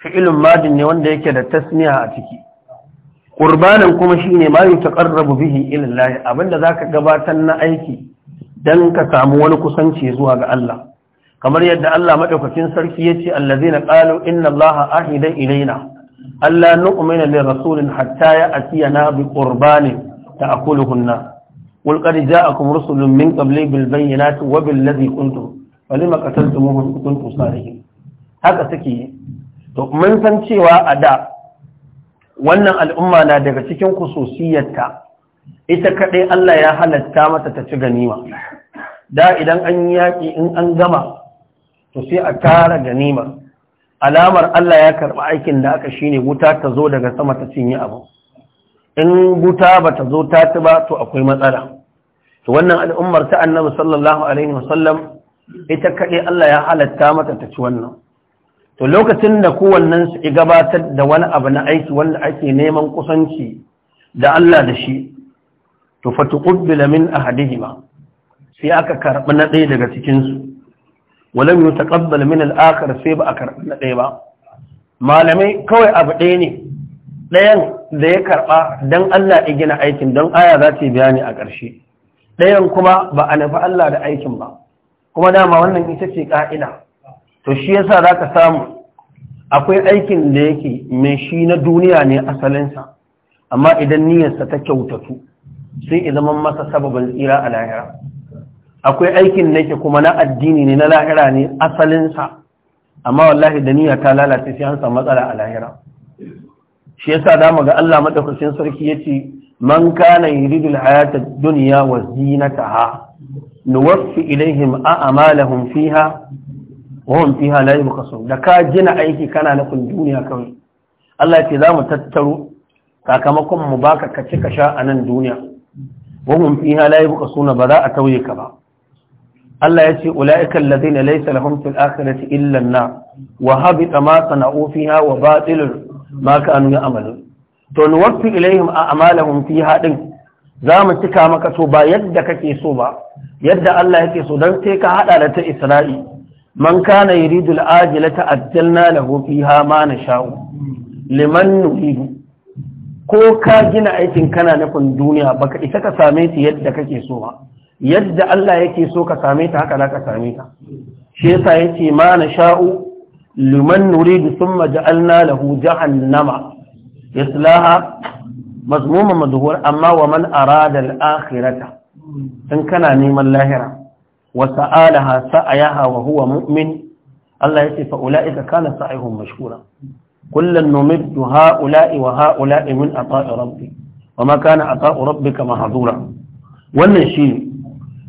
fi'ilun majin ne wanda yake da tasniya a ciki Ƙurbanan kuma shine ta ƙarrabu bihi ila Allah abinda zaka gabatar na aiki dan ka samu wani kusanci zuwa ga Allah kamar yadda Allah maɗaukacin sarki ya ce, yace na qalu inna Allah ahida ilaina alla nu'mina lirrasulin hatta na bi qurbanin hunna قل قد جاءكم رسل من قبلي بالبينات وبالذي كنتم فلما قتلتموهم إن كنتم صادقين haka suke to mun san cewa a da wannan al'umma na daga cikin kususiyarta ita kaɗai Allah ya halatta mata ta ci ganima da idan an yaƙi in an gama to sai a tara ganima alamar Allah ya karɓi aikin da aka shine wuta ta zo daga sama ta cinye abu in guta ba ta zo ta ci ba to akwai matsala to wannan al'ummar ta annabi sallallahu alaihi wasallam ita kaɗai Allah ya halatta mata ta ci wannan to lokacin da kowannen su gabatar da wani abu na aiki wanda ake neman kusanci da Allah da shi to fatuqbila min ahadihima sai aka karɓi na ɗaya daga cikin su walam yutaqabbal min al-akhar sai ba a karɓi na ɗaya ba malamai kawai abu ɗaya ne ɗayan da ya karɓa don Allah ya gina aikin don aya za ta yi bayani a ƙarshe ɗayan kuma ba a nufi Allah da aikin ba kuma dama wannan ita ce ƙa'ida to shi yasa za ka samu akwai aikin da yake mai shi na duniya ne asalinsa amma idan niyyarsa ta kyautatu sai ya zama masa sababin tsira a lahira akwai aikin da yake kuma na addini ne na lahira ne asalinsa amma wallahi da niyya ta lalace sai an samu matsala a lahira shi yasa da ga Allah madaukakin sarki yace man kana yuridu alhayata ad-dunya wa zinataha nuwaffi ilaihim a'malahum fiha wa hum fiha la yubqasun da ka jina aiki kana na kun duniya kawai Allah ce za mu tattaro sakamakon mu baka ka ci ka sha a nan duniya wa hum fiha la yubqasun ba za a tauye ka ba Allah yace ulaika alladhina laysa lahum fil akhirati illa an-nar wa habita ma sana'u fiha wa batilun ma ka anu amalu to nuwaffi ilaihim a amalahum fi haɗin za mu cika maka so ba yadda kake so ba yadda Allah yake so don sai ka haɗa da ta isra'i man kana yuridul ajilata ajjalna lahu fiha ma sha'u. liman nuridu ko ka gina aikin kana nufin duniya baka isa ka same ta yadda kake so ba yadda Allah yake so ka same ta haka za ka same ta shi yasa yace ma nasha'u liman nuridu thumma ja'alna lahu jahannama yaslaha mazmuma madhura amma wa man arada al in kana neman lahira wa sa'alaha sa'ayaha wa huwa mu'min Allah yace fa ulaika kana sa'ihum mashkura kullan numiddu ha'ula'i wa ha'ula'i min ata'i rabbi wa ma kana ata'u rabbika mahdura wannan shi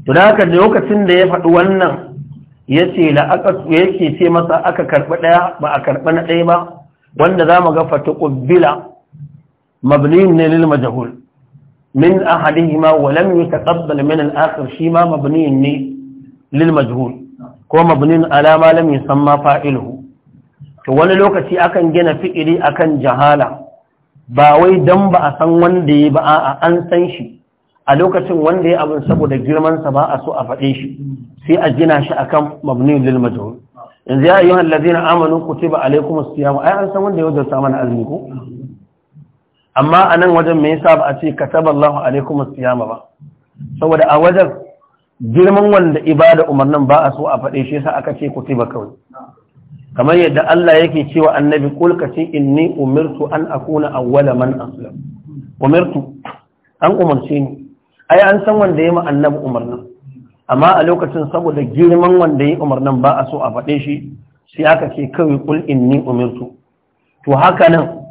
to da lokacin da ya faɗi wannan yace la aka yake ce masa aka karɓi ɗaya, ba a karɓi na ɗaya ba wanda zamu ga mabinin mabniin lil majhul min ahadihima wa lam yutaqabbal min al akhir shi ma mabniin ne lil majhul ko mabniin ala ma lam yusamma fa'iluhu to wani lokaci akan gina fi'ili akan jahala ba wai dan ba a san wanda ya ba a an san shi a lokacin wanda ya abin saboda girmansa ba a so a faɗe shi sai a gina shi akan mabni lil majhul yanzu ya ayyuhal ladina amanu kutiba alaykum siyam ai an san wanda ya wajarta mana azumi ko amma anan wajen me yasa ba a ce kataba Allahu alaykum siyam ba saboda a wajen girman wanda ibada umarnin ba a so a faɗe shi yasa aka ce kutiba kawai kamar yadda Allah yake cewa annabi kul ce inni umirtu an akuna awwala man aslam umirtu an umarce ni ai an san wanda ya yi annabi umarnin amma a lokacin saboda girman wanda ya umarnin ba a so a faɗe shi sai aka ce kawai kul ni umirtu to haka nan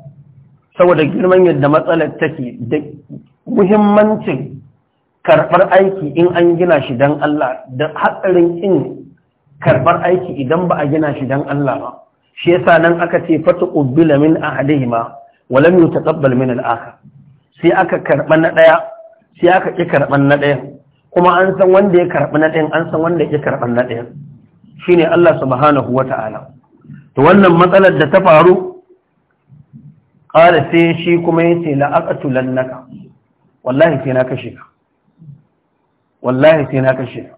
saboda girman yadda matsalar take da muhimmancin karɓar aiki in an gina shi don Allah da hatsarin in karɓar aiki idan ba a gina shi don Allah ba shi yasa nan aka ce fata ubbila min ahadihima walam yutaqabbal min al-akhar sai aka karɓa na ɗaya sai aka ƙi karɓar na ɗayan kuma an san wanda ya karɓi na ɗayan an san wanda ya ƙi karɓar na ɗayan ne Allah subhanahu wa ta'ala to wannan matsalar da ta faru ƙara sai shi kuma ya ce la'aƙatulan naka wallahi sai na kashe ka wallahi sai na kashe ka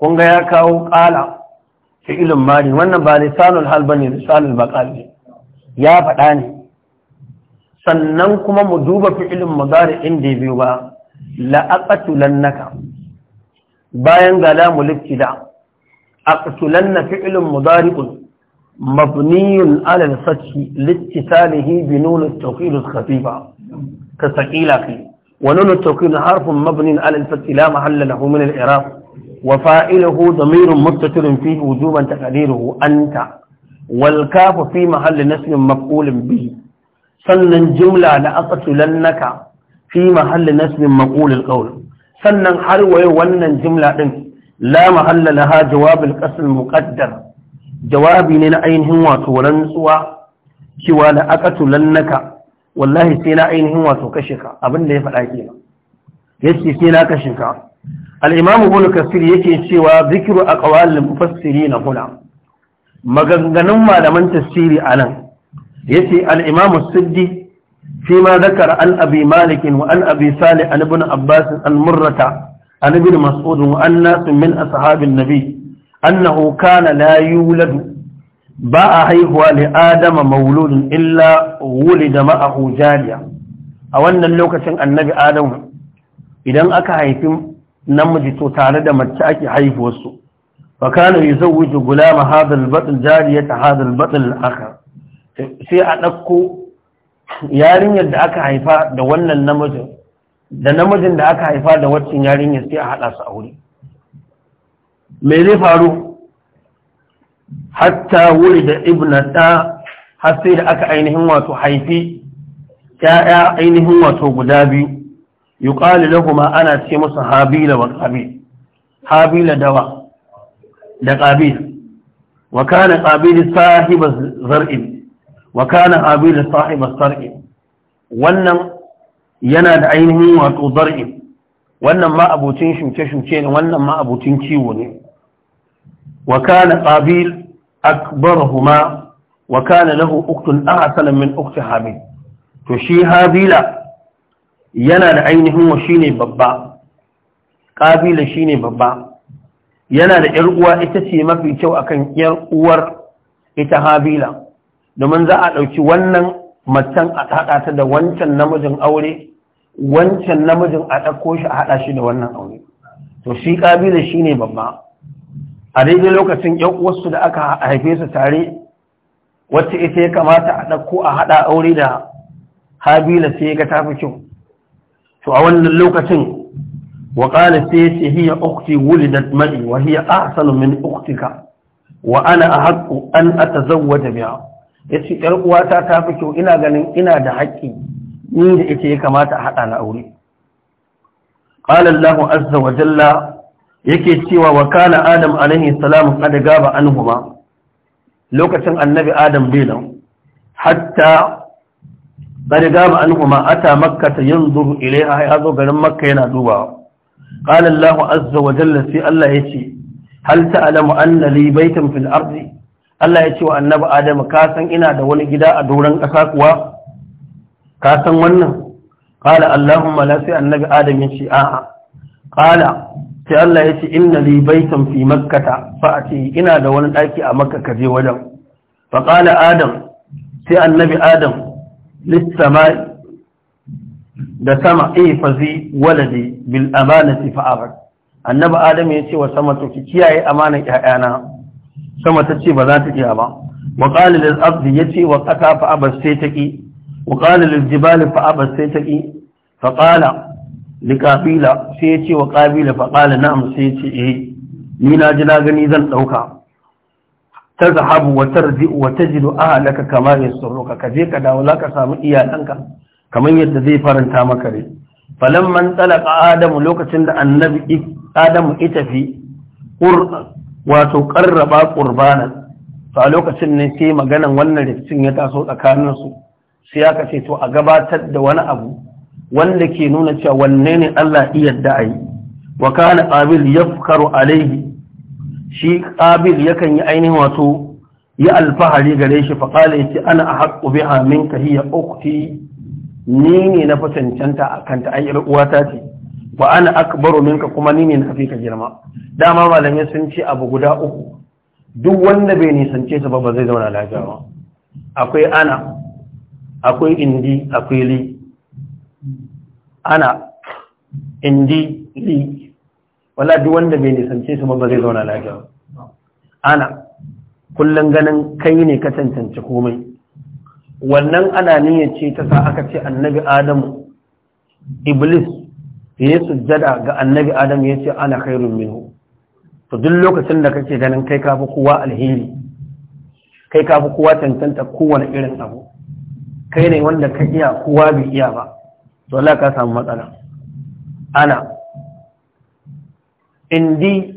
kun ga ya kawo ƙala fi'ilin mari wannan ba lisanul hal bane lisanul maqal ne ya faɗa ne sannan kuma mu duba fi'ilin mudari inda biyu ba la'aqatulannaka bayan ga lamu liftida aqtulanna fi'lun mudari'un mabniyun ala al-fathi liittisalihi bi nun at-tawkil al-khafifa ka saqila fi Wani nun at-tawkil harfun mabnin ala al-fath la mahalla lahu min al-i'rab wa fa'iluhu damirun muttasilun fihi wujuban taqdiruhu anta wal kafu fi mahalli nasbin maf'ulin bihi sannan jumla la aqtulannaka fi mahalli nasbin maqulil qawl sannan har waye wannan jimla din la mahalla laha jawabul qasl muqaddar jawabi ne na ainihin wato rantsuwa wa la aqatulannaka wallahi sai na ainihin wato kashe ka abinda ya faɗa kenan yace sai na kashe ka al-imamu ibn kasir yake cewa zikru aqwalil mufassirin hula. maganganun malaman tafsiri anan yace al-imamu siddi فيما ذكر عن أبي مالك وعن أبي صالح عن ابن عباس عن مرة عن ابن مسعود وعن ناس من أصحاب النبي أنه كان لا يولد باء هيهوى لآدم مولود إلا ولد معه جارية أو أن اللوكة النبي آدم إذا أكا هيثم نمجي تتعرض متأكي حيف وسو فكان يزوج غلام هذا البطل جارية هذا البطل الآخر سيأتكو yarinyar da aka haifa da wannan namijin da namijin da aka haifa da waccan yarinyar sai a haɗa su aure me zai faru hatta wuri da ibna da har sai da aka ainihin wato haifi ‘ya'ya ainihin wato guda biyu yi lahuma ana ce musu habila wa qabil habila dawa da qabil wa kana qabil sahiba zar'in wa kana abi da sahiba sar'i wannan yana da ainihin wato zar'i wannan ma abucin shuke-shuke ne wannan ma abucin ciwo ne wa kana qabil huma. wa kana lahu uktun ahsan min ukti habil to shi habila yana da ainihin wa shi ne babba ƙabila shi ne babba yana da ‘yar uwa ita ce mafi kyau akan ‘yar uwar ita habila domin za a ɗauki wannan macen a haɗa ta da wancan namijin aure wancan namijin a ɗauko shi a haɗa shi da wannan aure to shi ƙabila shi ne babba a daidai lokacin ‘yan wasu da aka haife su tare wacce ita ya kamata a ɗauko a haɗa aure da habila sai ya ga tafi kyau to a wannan lokacin wa ƙala sai ya ce hiya ukti wulidat mali wa hiya ahsanu min uktika wa ana a haƙƙu an atazawwaja biha ya ce ‘yar uwata ta fi kyau ina ganin ina da haƙƙi ni da ita ya kamata a haɗa na aure ƙalallahu azza wa jalla yake cewa wa kana adam alaihi salam kada gaba an lokacin annabi adam belan hatta kada gaba an ata makka ta yanzu ilaiha ya zo garin makka yana dubawa قال الله عز وجل في الله يتي هل تعلم أن لي بيتا في الأرض Allah ya ce wa annabi Adamu ka san ina da wani gida a doron ƙasa kuwa ka san wannan qala Allahumma la sai annabi Adam ya ce a'a qala sai Allah ya ce inna li baitan fi makkata fa ati ina da wani daki a makka ka je wajen fa qala Adam sai annabi Adam lissama'i da sama ifazi eh, waladi bil amanati fa'abat annabi adam ya ce wa sama to ki kiyaye amanan ƴaƴana sama ta ce ba za ta iya ba wa qala lil ardi yati wa qata fa abas sai ta wa qala jibali fa abas sai ta fa qala li qabila sai ya ce wa qabila fa qala na'am sai ya ce eh ni na ji na gani zan dauka تذهب ka وتجد أهلك كما يسرك كذيك داولاك سامو إيالنك كما يتذي فرنتا مكري فلما انطلق آدم لوك سند النبي آدم إتفي قر wato ƙarraba ƙurbanan to a lokacin ne sai maganan wannan rikicin ya taso tsakaninsu sai aka ce to a gabatar da wani abu wanda ke nuna cewa wanne ne Allah iya da a yi wa kana qabil yafkaru alaihi shi qabil yakan yi ainihin wato ya alfahari gare shi fa qala yace ana ahqqu biha minka hiya ukhti ni ne na fi a akan ta ai uwata ce wa ana akbaru minka kuma ni ne na fi ka girma dama malamai sun ce abu guda uku duk wanda bai nisance su ba ba zai zauna lafiya ba akwai ana akwai indi akwai li ana indi li wala duk wanda bai nisance su ba ba zai zauna lafiya ba ana kullum ganin kai ne ka tantance komai wannan ana niyyar ce ta sa aka ce annabi adamu iblis ya sujjada ga annabi adam ya ce ana khairun minhu to duk lokacin da kake ganin kai kafi kowa alheri kai kafi kowa tantanta kowane irin abu kai ne wanda ka iya kowa bai iya ba to Allah ka samu matsala ana indi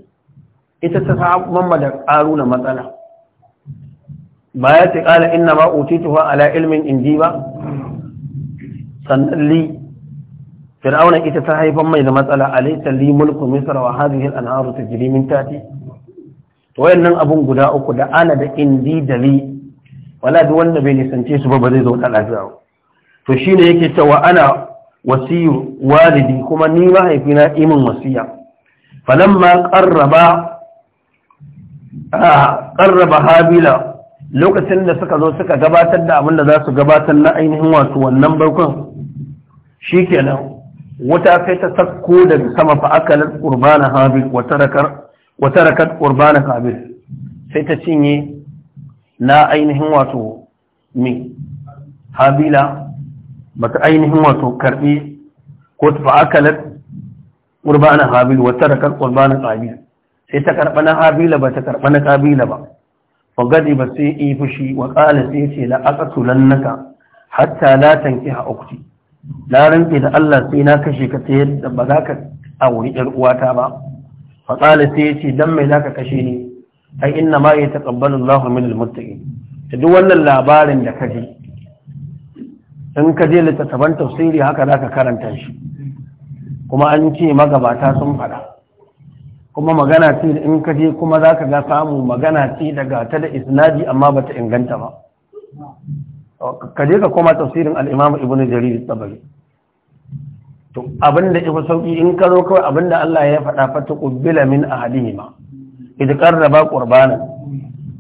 ita ta samu da na matsala ba ya ce ƙala inna ma utituha ala ilmin indi ba sannan li fir'auna ita ta haifar mai da matsala alaysa li mulku misra wa hadhihi al-anharu tajri min tati to wayannan abun guda uku da ana da indi dali wala duk wanda bai nisance su ba ba zai zo da lafiya to shine yake cewa ana wasiyu walidi kuma ni mahaifina imin wasiya falamma qarraba ah, qarraba habila lokacin da suka zo suka gabatar da abin da za su gabatar na ainihin wato wannan barkon shi kenan wuta sai ta sakko daga sama fa akalat qurbana habil wa tarakar wa tarakat qurbana habil sai ta cinye na ainihin wato mi habila bata ainihin wato karbi ko fa akalat qurbana habil wa tarakat qurbana habil sai ta karba na habila bata karba na kabila ba fa gadi ba sai yi fushi wa qala sai ce la aqtulanaka hatta la tankiha ukti na rantse da Allah sai na kashe ka ta yadda ba za ka auri ƴar uwata ba fa sai yace dan mai zaka kashe ni ai inna ma yataqabbalu Allahu min almuttaqin to duk wannan labarin da kaje in ka je littattafan tafsiri haka zaka karanta shi kuma an ce magabata sun faɗa. kuma magana ce in ka je kuma zaka ga samu magana ce daga ta da isnadi amma bata inganta ba ka je ka koma tafsirin al-Imam Ibn Jarir tabari to abinda ifa sauki in ka zo kawai abinda Allah ya faɗa fa tuqbila min ahadihima idh qarraba qurbanan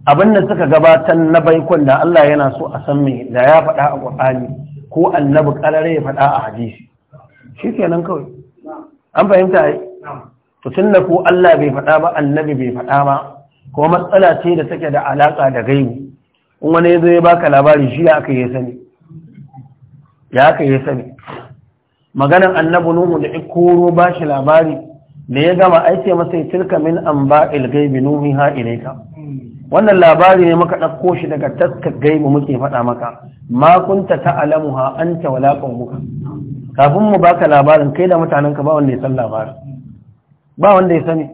abinda suka gabatar na baikon da Allah yana so a san me da ya faɗa a Qur'ani ko annabi karare ya faɗa a hadisi Shi shikenan kawai an fahimta ai to tunda ko Allah bai faɗa ba annabi bai faɗa ba kuma matsala ce da take da alaka da gaibi in wani ya zo ya baka labari shi aka yi sani ya aka yi sani maganin annabi nuhu da ikoro ba shi labari da ya gama aike masa tilka min an ba ilgaibi nuhu ha ilaika wannan labari ne muka ɗauko shi daga taska gaibu muke faɗa maka ma kunta an ta wala qaumuka kafin mu baka labarin kai da mutanen ka ba wanda ya san labarin ba wanda ya sani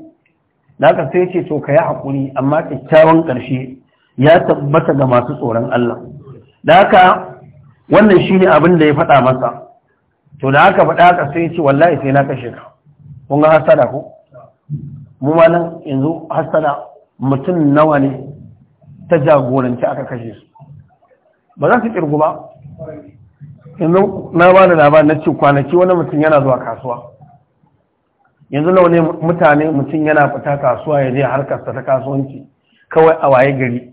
da aka sai ce to ka yi haƙuri amma kyakkyawan ƙarshe ya tabbata ga masu tsoron Allah da haka wannan shi ne abin da ya faɗa masa to da haka faɗa ka sai ce wallahi sai na kashe ka kun ga hasada ko mu ma nan yanzu hasada mutum nawa ne ta jagoranci aka kashe su ba za su kirgu ba yanzu na ba da labarin na ce kwanaki wani mutum yana zuwa kasuwa yanzu nawa ne mutane mutum yana fita kasuwa ya je harkarsa ta kasuwanci kawai a waye gari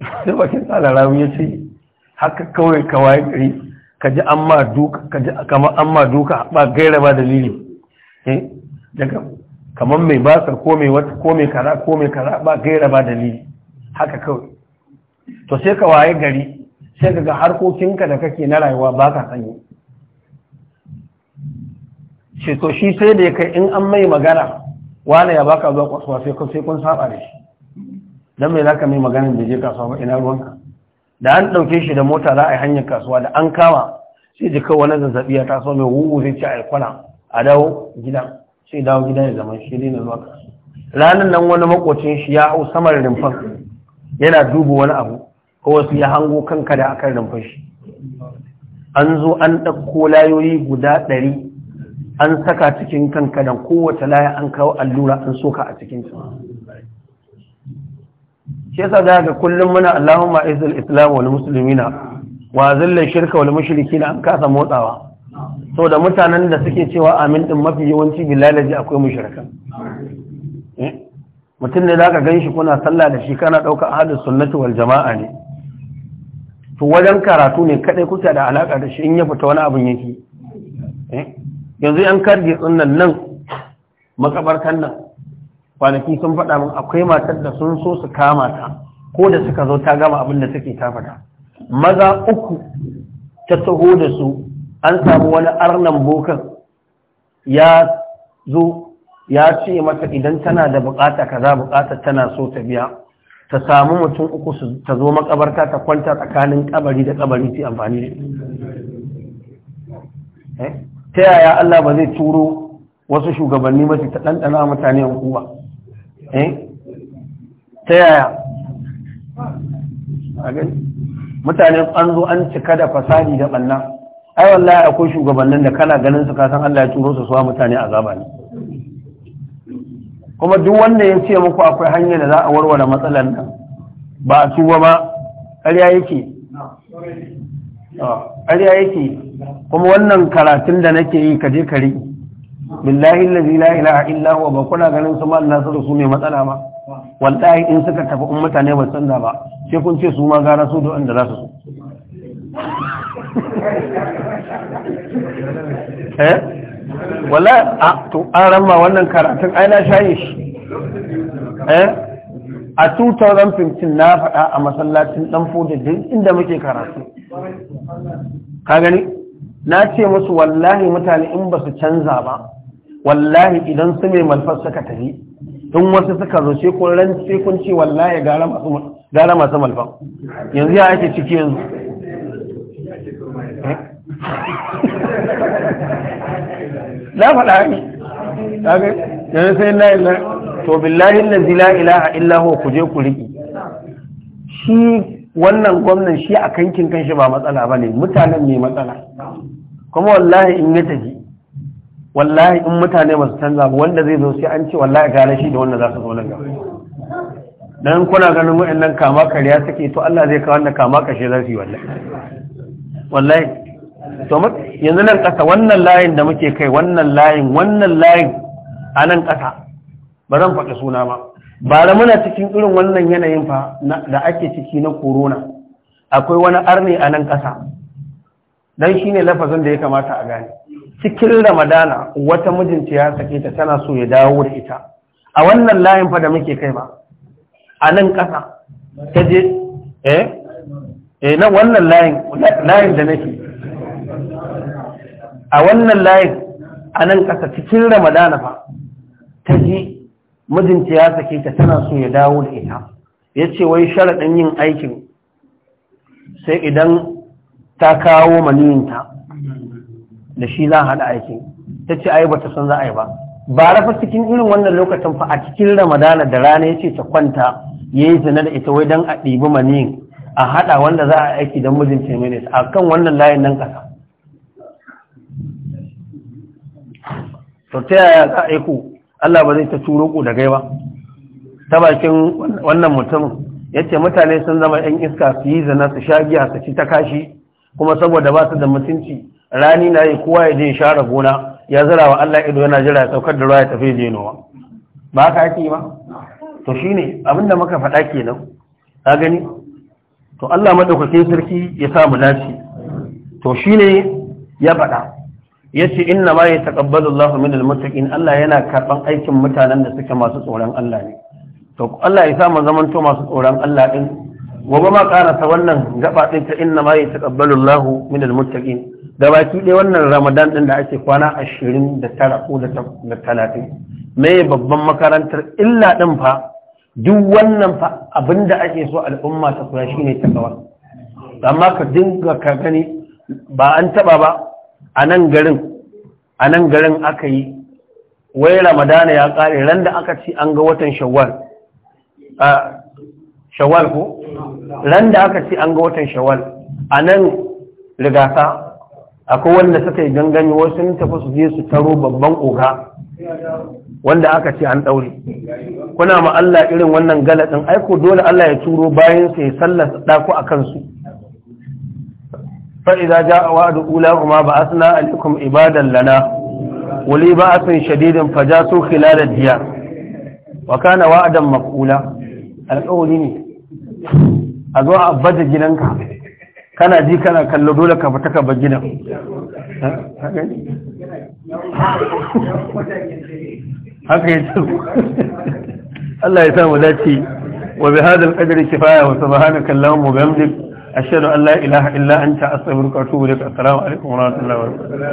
sai bakin tsalara ya ce haka kawai kawai kari ka ji an ma duka ka ji kamar an ma duka ba gaira ba dalili eh, daga kamar mai basar ko mai wata ko mai kara ko mai kara ba gaira ba dalili haka kawai to sai ka waye gari sai daga harkokinka da kake na rayuwa ba ka sanyi ce to shi sai da ya kai in an mai magana wane ya baka zuwa kwasuwa sai kun saba da shi don mai zaka mai maganin da je kasuwa ba ina ruwanka da an ɗauke shi da mota za a yi hanyar kasuwa da an kama sai jika wani zazzaɓi ya taso mai wuwu zai ci a kwana a dawo gida sai dawo gida ya zama shi ne zuwa ranar nan wani makocin shi ya hau samar rumfan yana duba wani abu ko wasu ya hango kanka da akan rumfan shi an zo an ɗauko layoyi guda ɗari an saka cikin kankadan kowace laya an kawo allura an soka a cikin cikin shi yasa da ga kullum muna Allahumma izil islam wal muslimina wa zilla shirka wal mushrikina an kasa motsawa so da mutanen da suke cewa amin ɗin mafi yawanci bilalaji akwai mushrika eh? mutum ne zaka ganshi kuna sallah da shi kana dauka ahlus sunnati wal jamaa ne to wajen karatu ne kadai kuka da alaka da shi in ya fita wani abun yake eh? yanzu yan karge tsunnan nan makabartan nan kwanaki sun faɗa min akwai matar da sun so su kama ta ko da suka zo ta gama abin da take ta faɗa maza uku ta taho da su an samu wani arnan bokan ya zo ya ce mata idan tana da bukata kaza bukata tana so ta biya ta samu mutum uku su ta zo makabarta ta kwanta tsakanin kabari da kabari ta amfani da eh? ta yaya Allah ba zai turo wasu shugabanni ba ta ɗanɗana mutane hukuma Eh? ta yaya mutane an zo an cika da fasadi da ɓanna ai wallahi akwai shugabannin da kana ganin su kasan Allah ya turo su suwa mutane azaba ne kuma duk wanda ya ce muku akwai hanya da za a warware matsalar nan ba a tuba ba ƙarya yake ah, ƙarya yake kuma wannan karatun da nake yi kaje kari billahi allazi la ilaha illa huwa ba kuna ganin su ma Allah su ne matsala ba. wallahi in suka tafi ummata mutane ba san da ba sai kun ce su ma gara su da wanda za su eh wallahi a to an ramma wannan karatun ai na shaye shi eh a 2015 na faɗa a masallacin dan fodo din inda muke karatu ka gani na ce musu wallahi mutane in ba su canza ba wallahi idan su mai malfas suka tafi in wasu suka zo ce kun ran ce kun ce wallahi gara masu gara masu malfan yanzu ya ake ciki yanzu eh? na faɗa ne kaga yanzu sai la ilaha to billahi na la ilaha a huwa ku je ku riki shi wannan gwamnan shi a kankin kan shi ba matsala bane mutanen mai matsala kuma wallahi in ya tafi wallahi in mutane ba su canza ba wanda zai zo sai an ce wallahi gane shi da wanda za su zo nan gaba dan kuna ganin wa'annan kama kariya suke to Allah zai kawo wannan kama kashe za su yi wallahi wallahi to yanzu nan kasa wannan layin da muke kai wannan layin wannan layin a nan kasa ba zan faɗi suna ba bara muna cikin irin wannan yanayin fa da ake ciki na corona akwai wani arni a nan ƙasa Dan shi ne lafazin da ya kamata a gane cikin ramadana wata mijinta ya sake ta tana so ya dawo da ita a wannan layin fa da muke kai ba a nan ƙasa ta je eh eh na wannan layin layin da nake a wannan layin a nan ƙasa cikin ramadana fa ta je mijinta ya sake ta tana so ya dawo da ita ya ce wai sharaɗin yin aikin sai idan ta kawo maniyinta da shi za a haɗa aiki ta ce ai bata san za a yi ba ba rafa cikin irin wannan lokacin fa a cikin ramadana da rana ya ce ta kwanta ya yi zina da ita wai don a ɗibi maniyin a haɗa wanda za a aiki don mijin temenis a kan wannan layin nan ƙasa to ta yaya ka aiku Allah ba zai ta turo ku da ba. ta bakin wannan mutum ya ce mutane sun zama 'yan iska su yi zina su sha giya su ci ta kashi kuma saboda ba su da mutunci rani na yi kowa ya je share gona ya zira wa Allah ido yana jira ya saukar da ruwa ya tafi je noma ba ka ake ba to shine abinda muka faɗa kenan ka gani to Allah madaukakin sarki ya sa mu dace to shine ya faɗa yace inna ma yataqabbalu Allahu minal muttaqin Allah yana karban aikin mutanen da suke masu tsoron Allah ne to Allah ya sa mu zamanto masu tsoron Allah din gobe ma karasa wannan gaba ɗin ta inna ma yataqabbalu Allahu min almuttaqin da baki ɗaya wannan Ramadan ɗin da ake kwana ashirin da tara ko da talatin me babban makarantar illa ɗin fa duk wannan fa abin da ake so al'umma ta kula ta takawa amma ka dinga ka gani ba an taba ba a nan garin a nan garin aka yi wai ramadana ya ƙare, ran da aka ci an ga watan shawwal Shawal ko ran da aka ce an ga watan shawal, a nan rigasa akwai wanda suka yi gangani wasu sun tafi su je su taro babban oga wanda aka ce an daure kuna ma Allah irin wannan galadin aiko dole Allah ya turo bayan sa ya sallasa a kansu. su fa idza jaa wa'du ulahuma ba'athna alaikum ibadan lana wali ba'athun shadidin fajasu khilal ad-diyar wa kana wa'dan maqula alqawli ne a zo a baje gidanka kana ji kana kallo dole ka fita ka bar gidan haka ya ce Allah ya samu dace wa bi hadal qadri kifaya wa subhanaka allahumma wa bihamdik ashhadu an la ilaha illa anta astaghfiruka wa atubu ilaik assalamu alaikum wa rahmatullahi wa barakatuh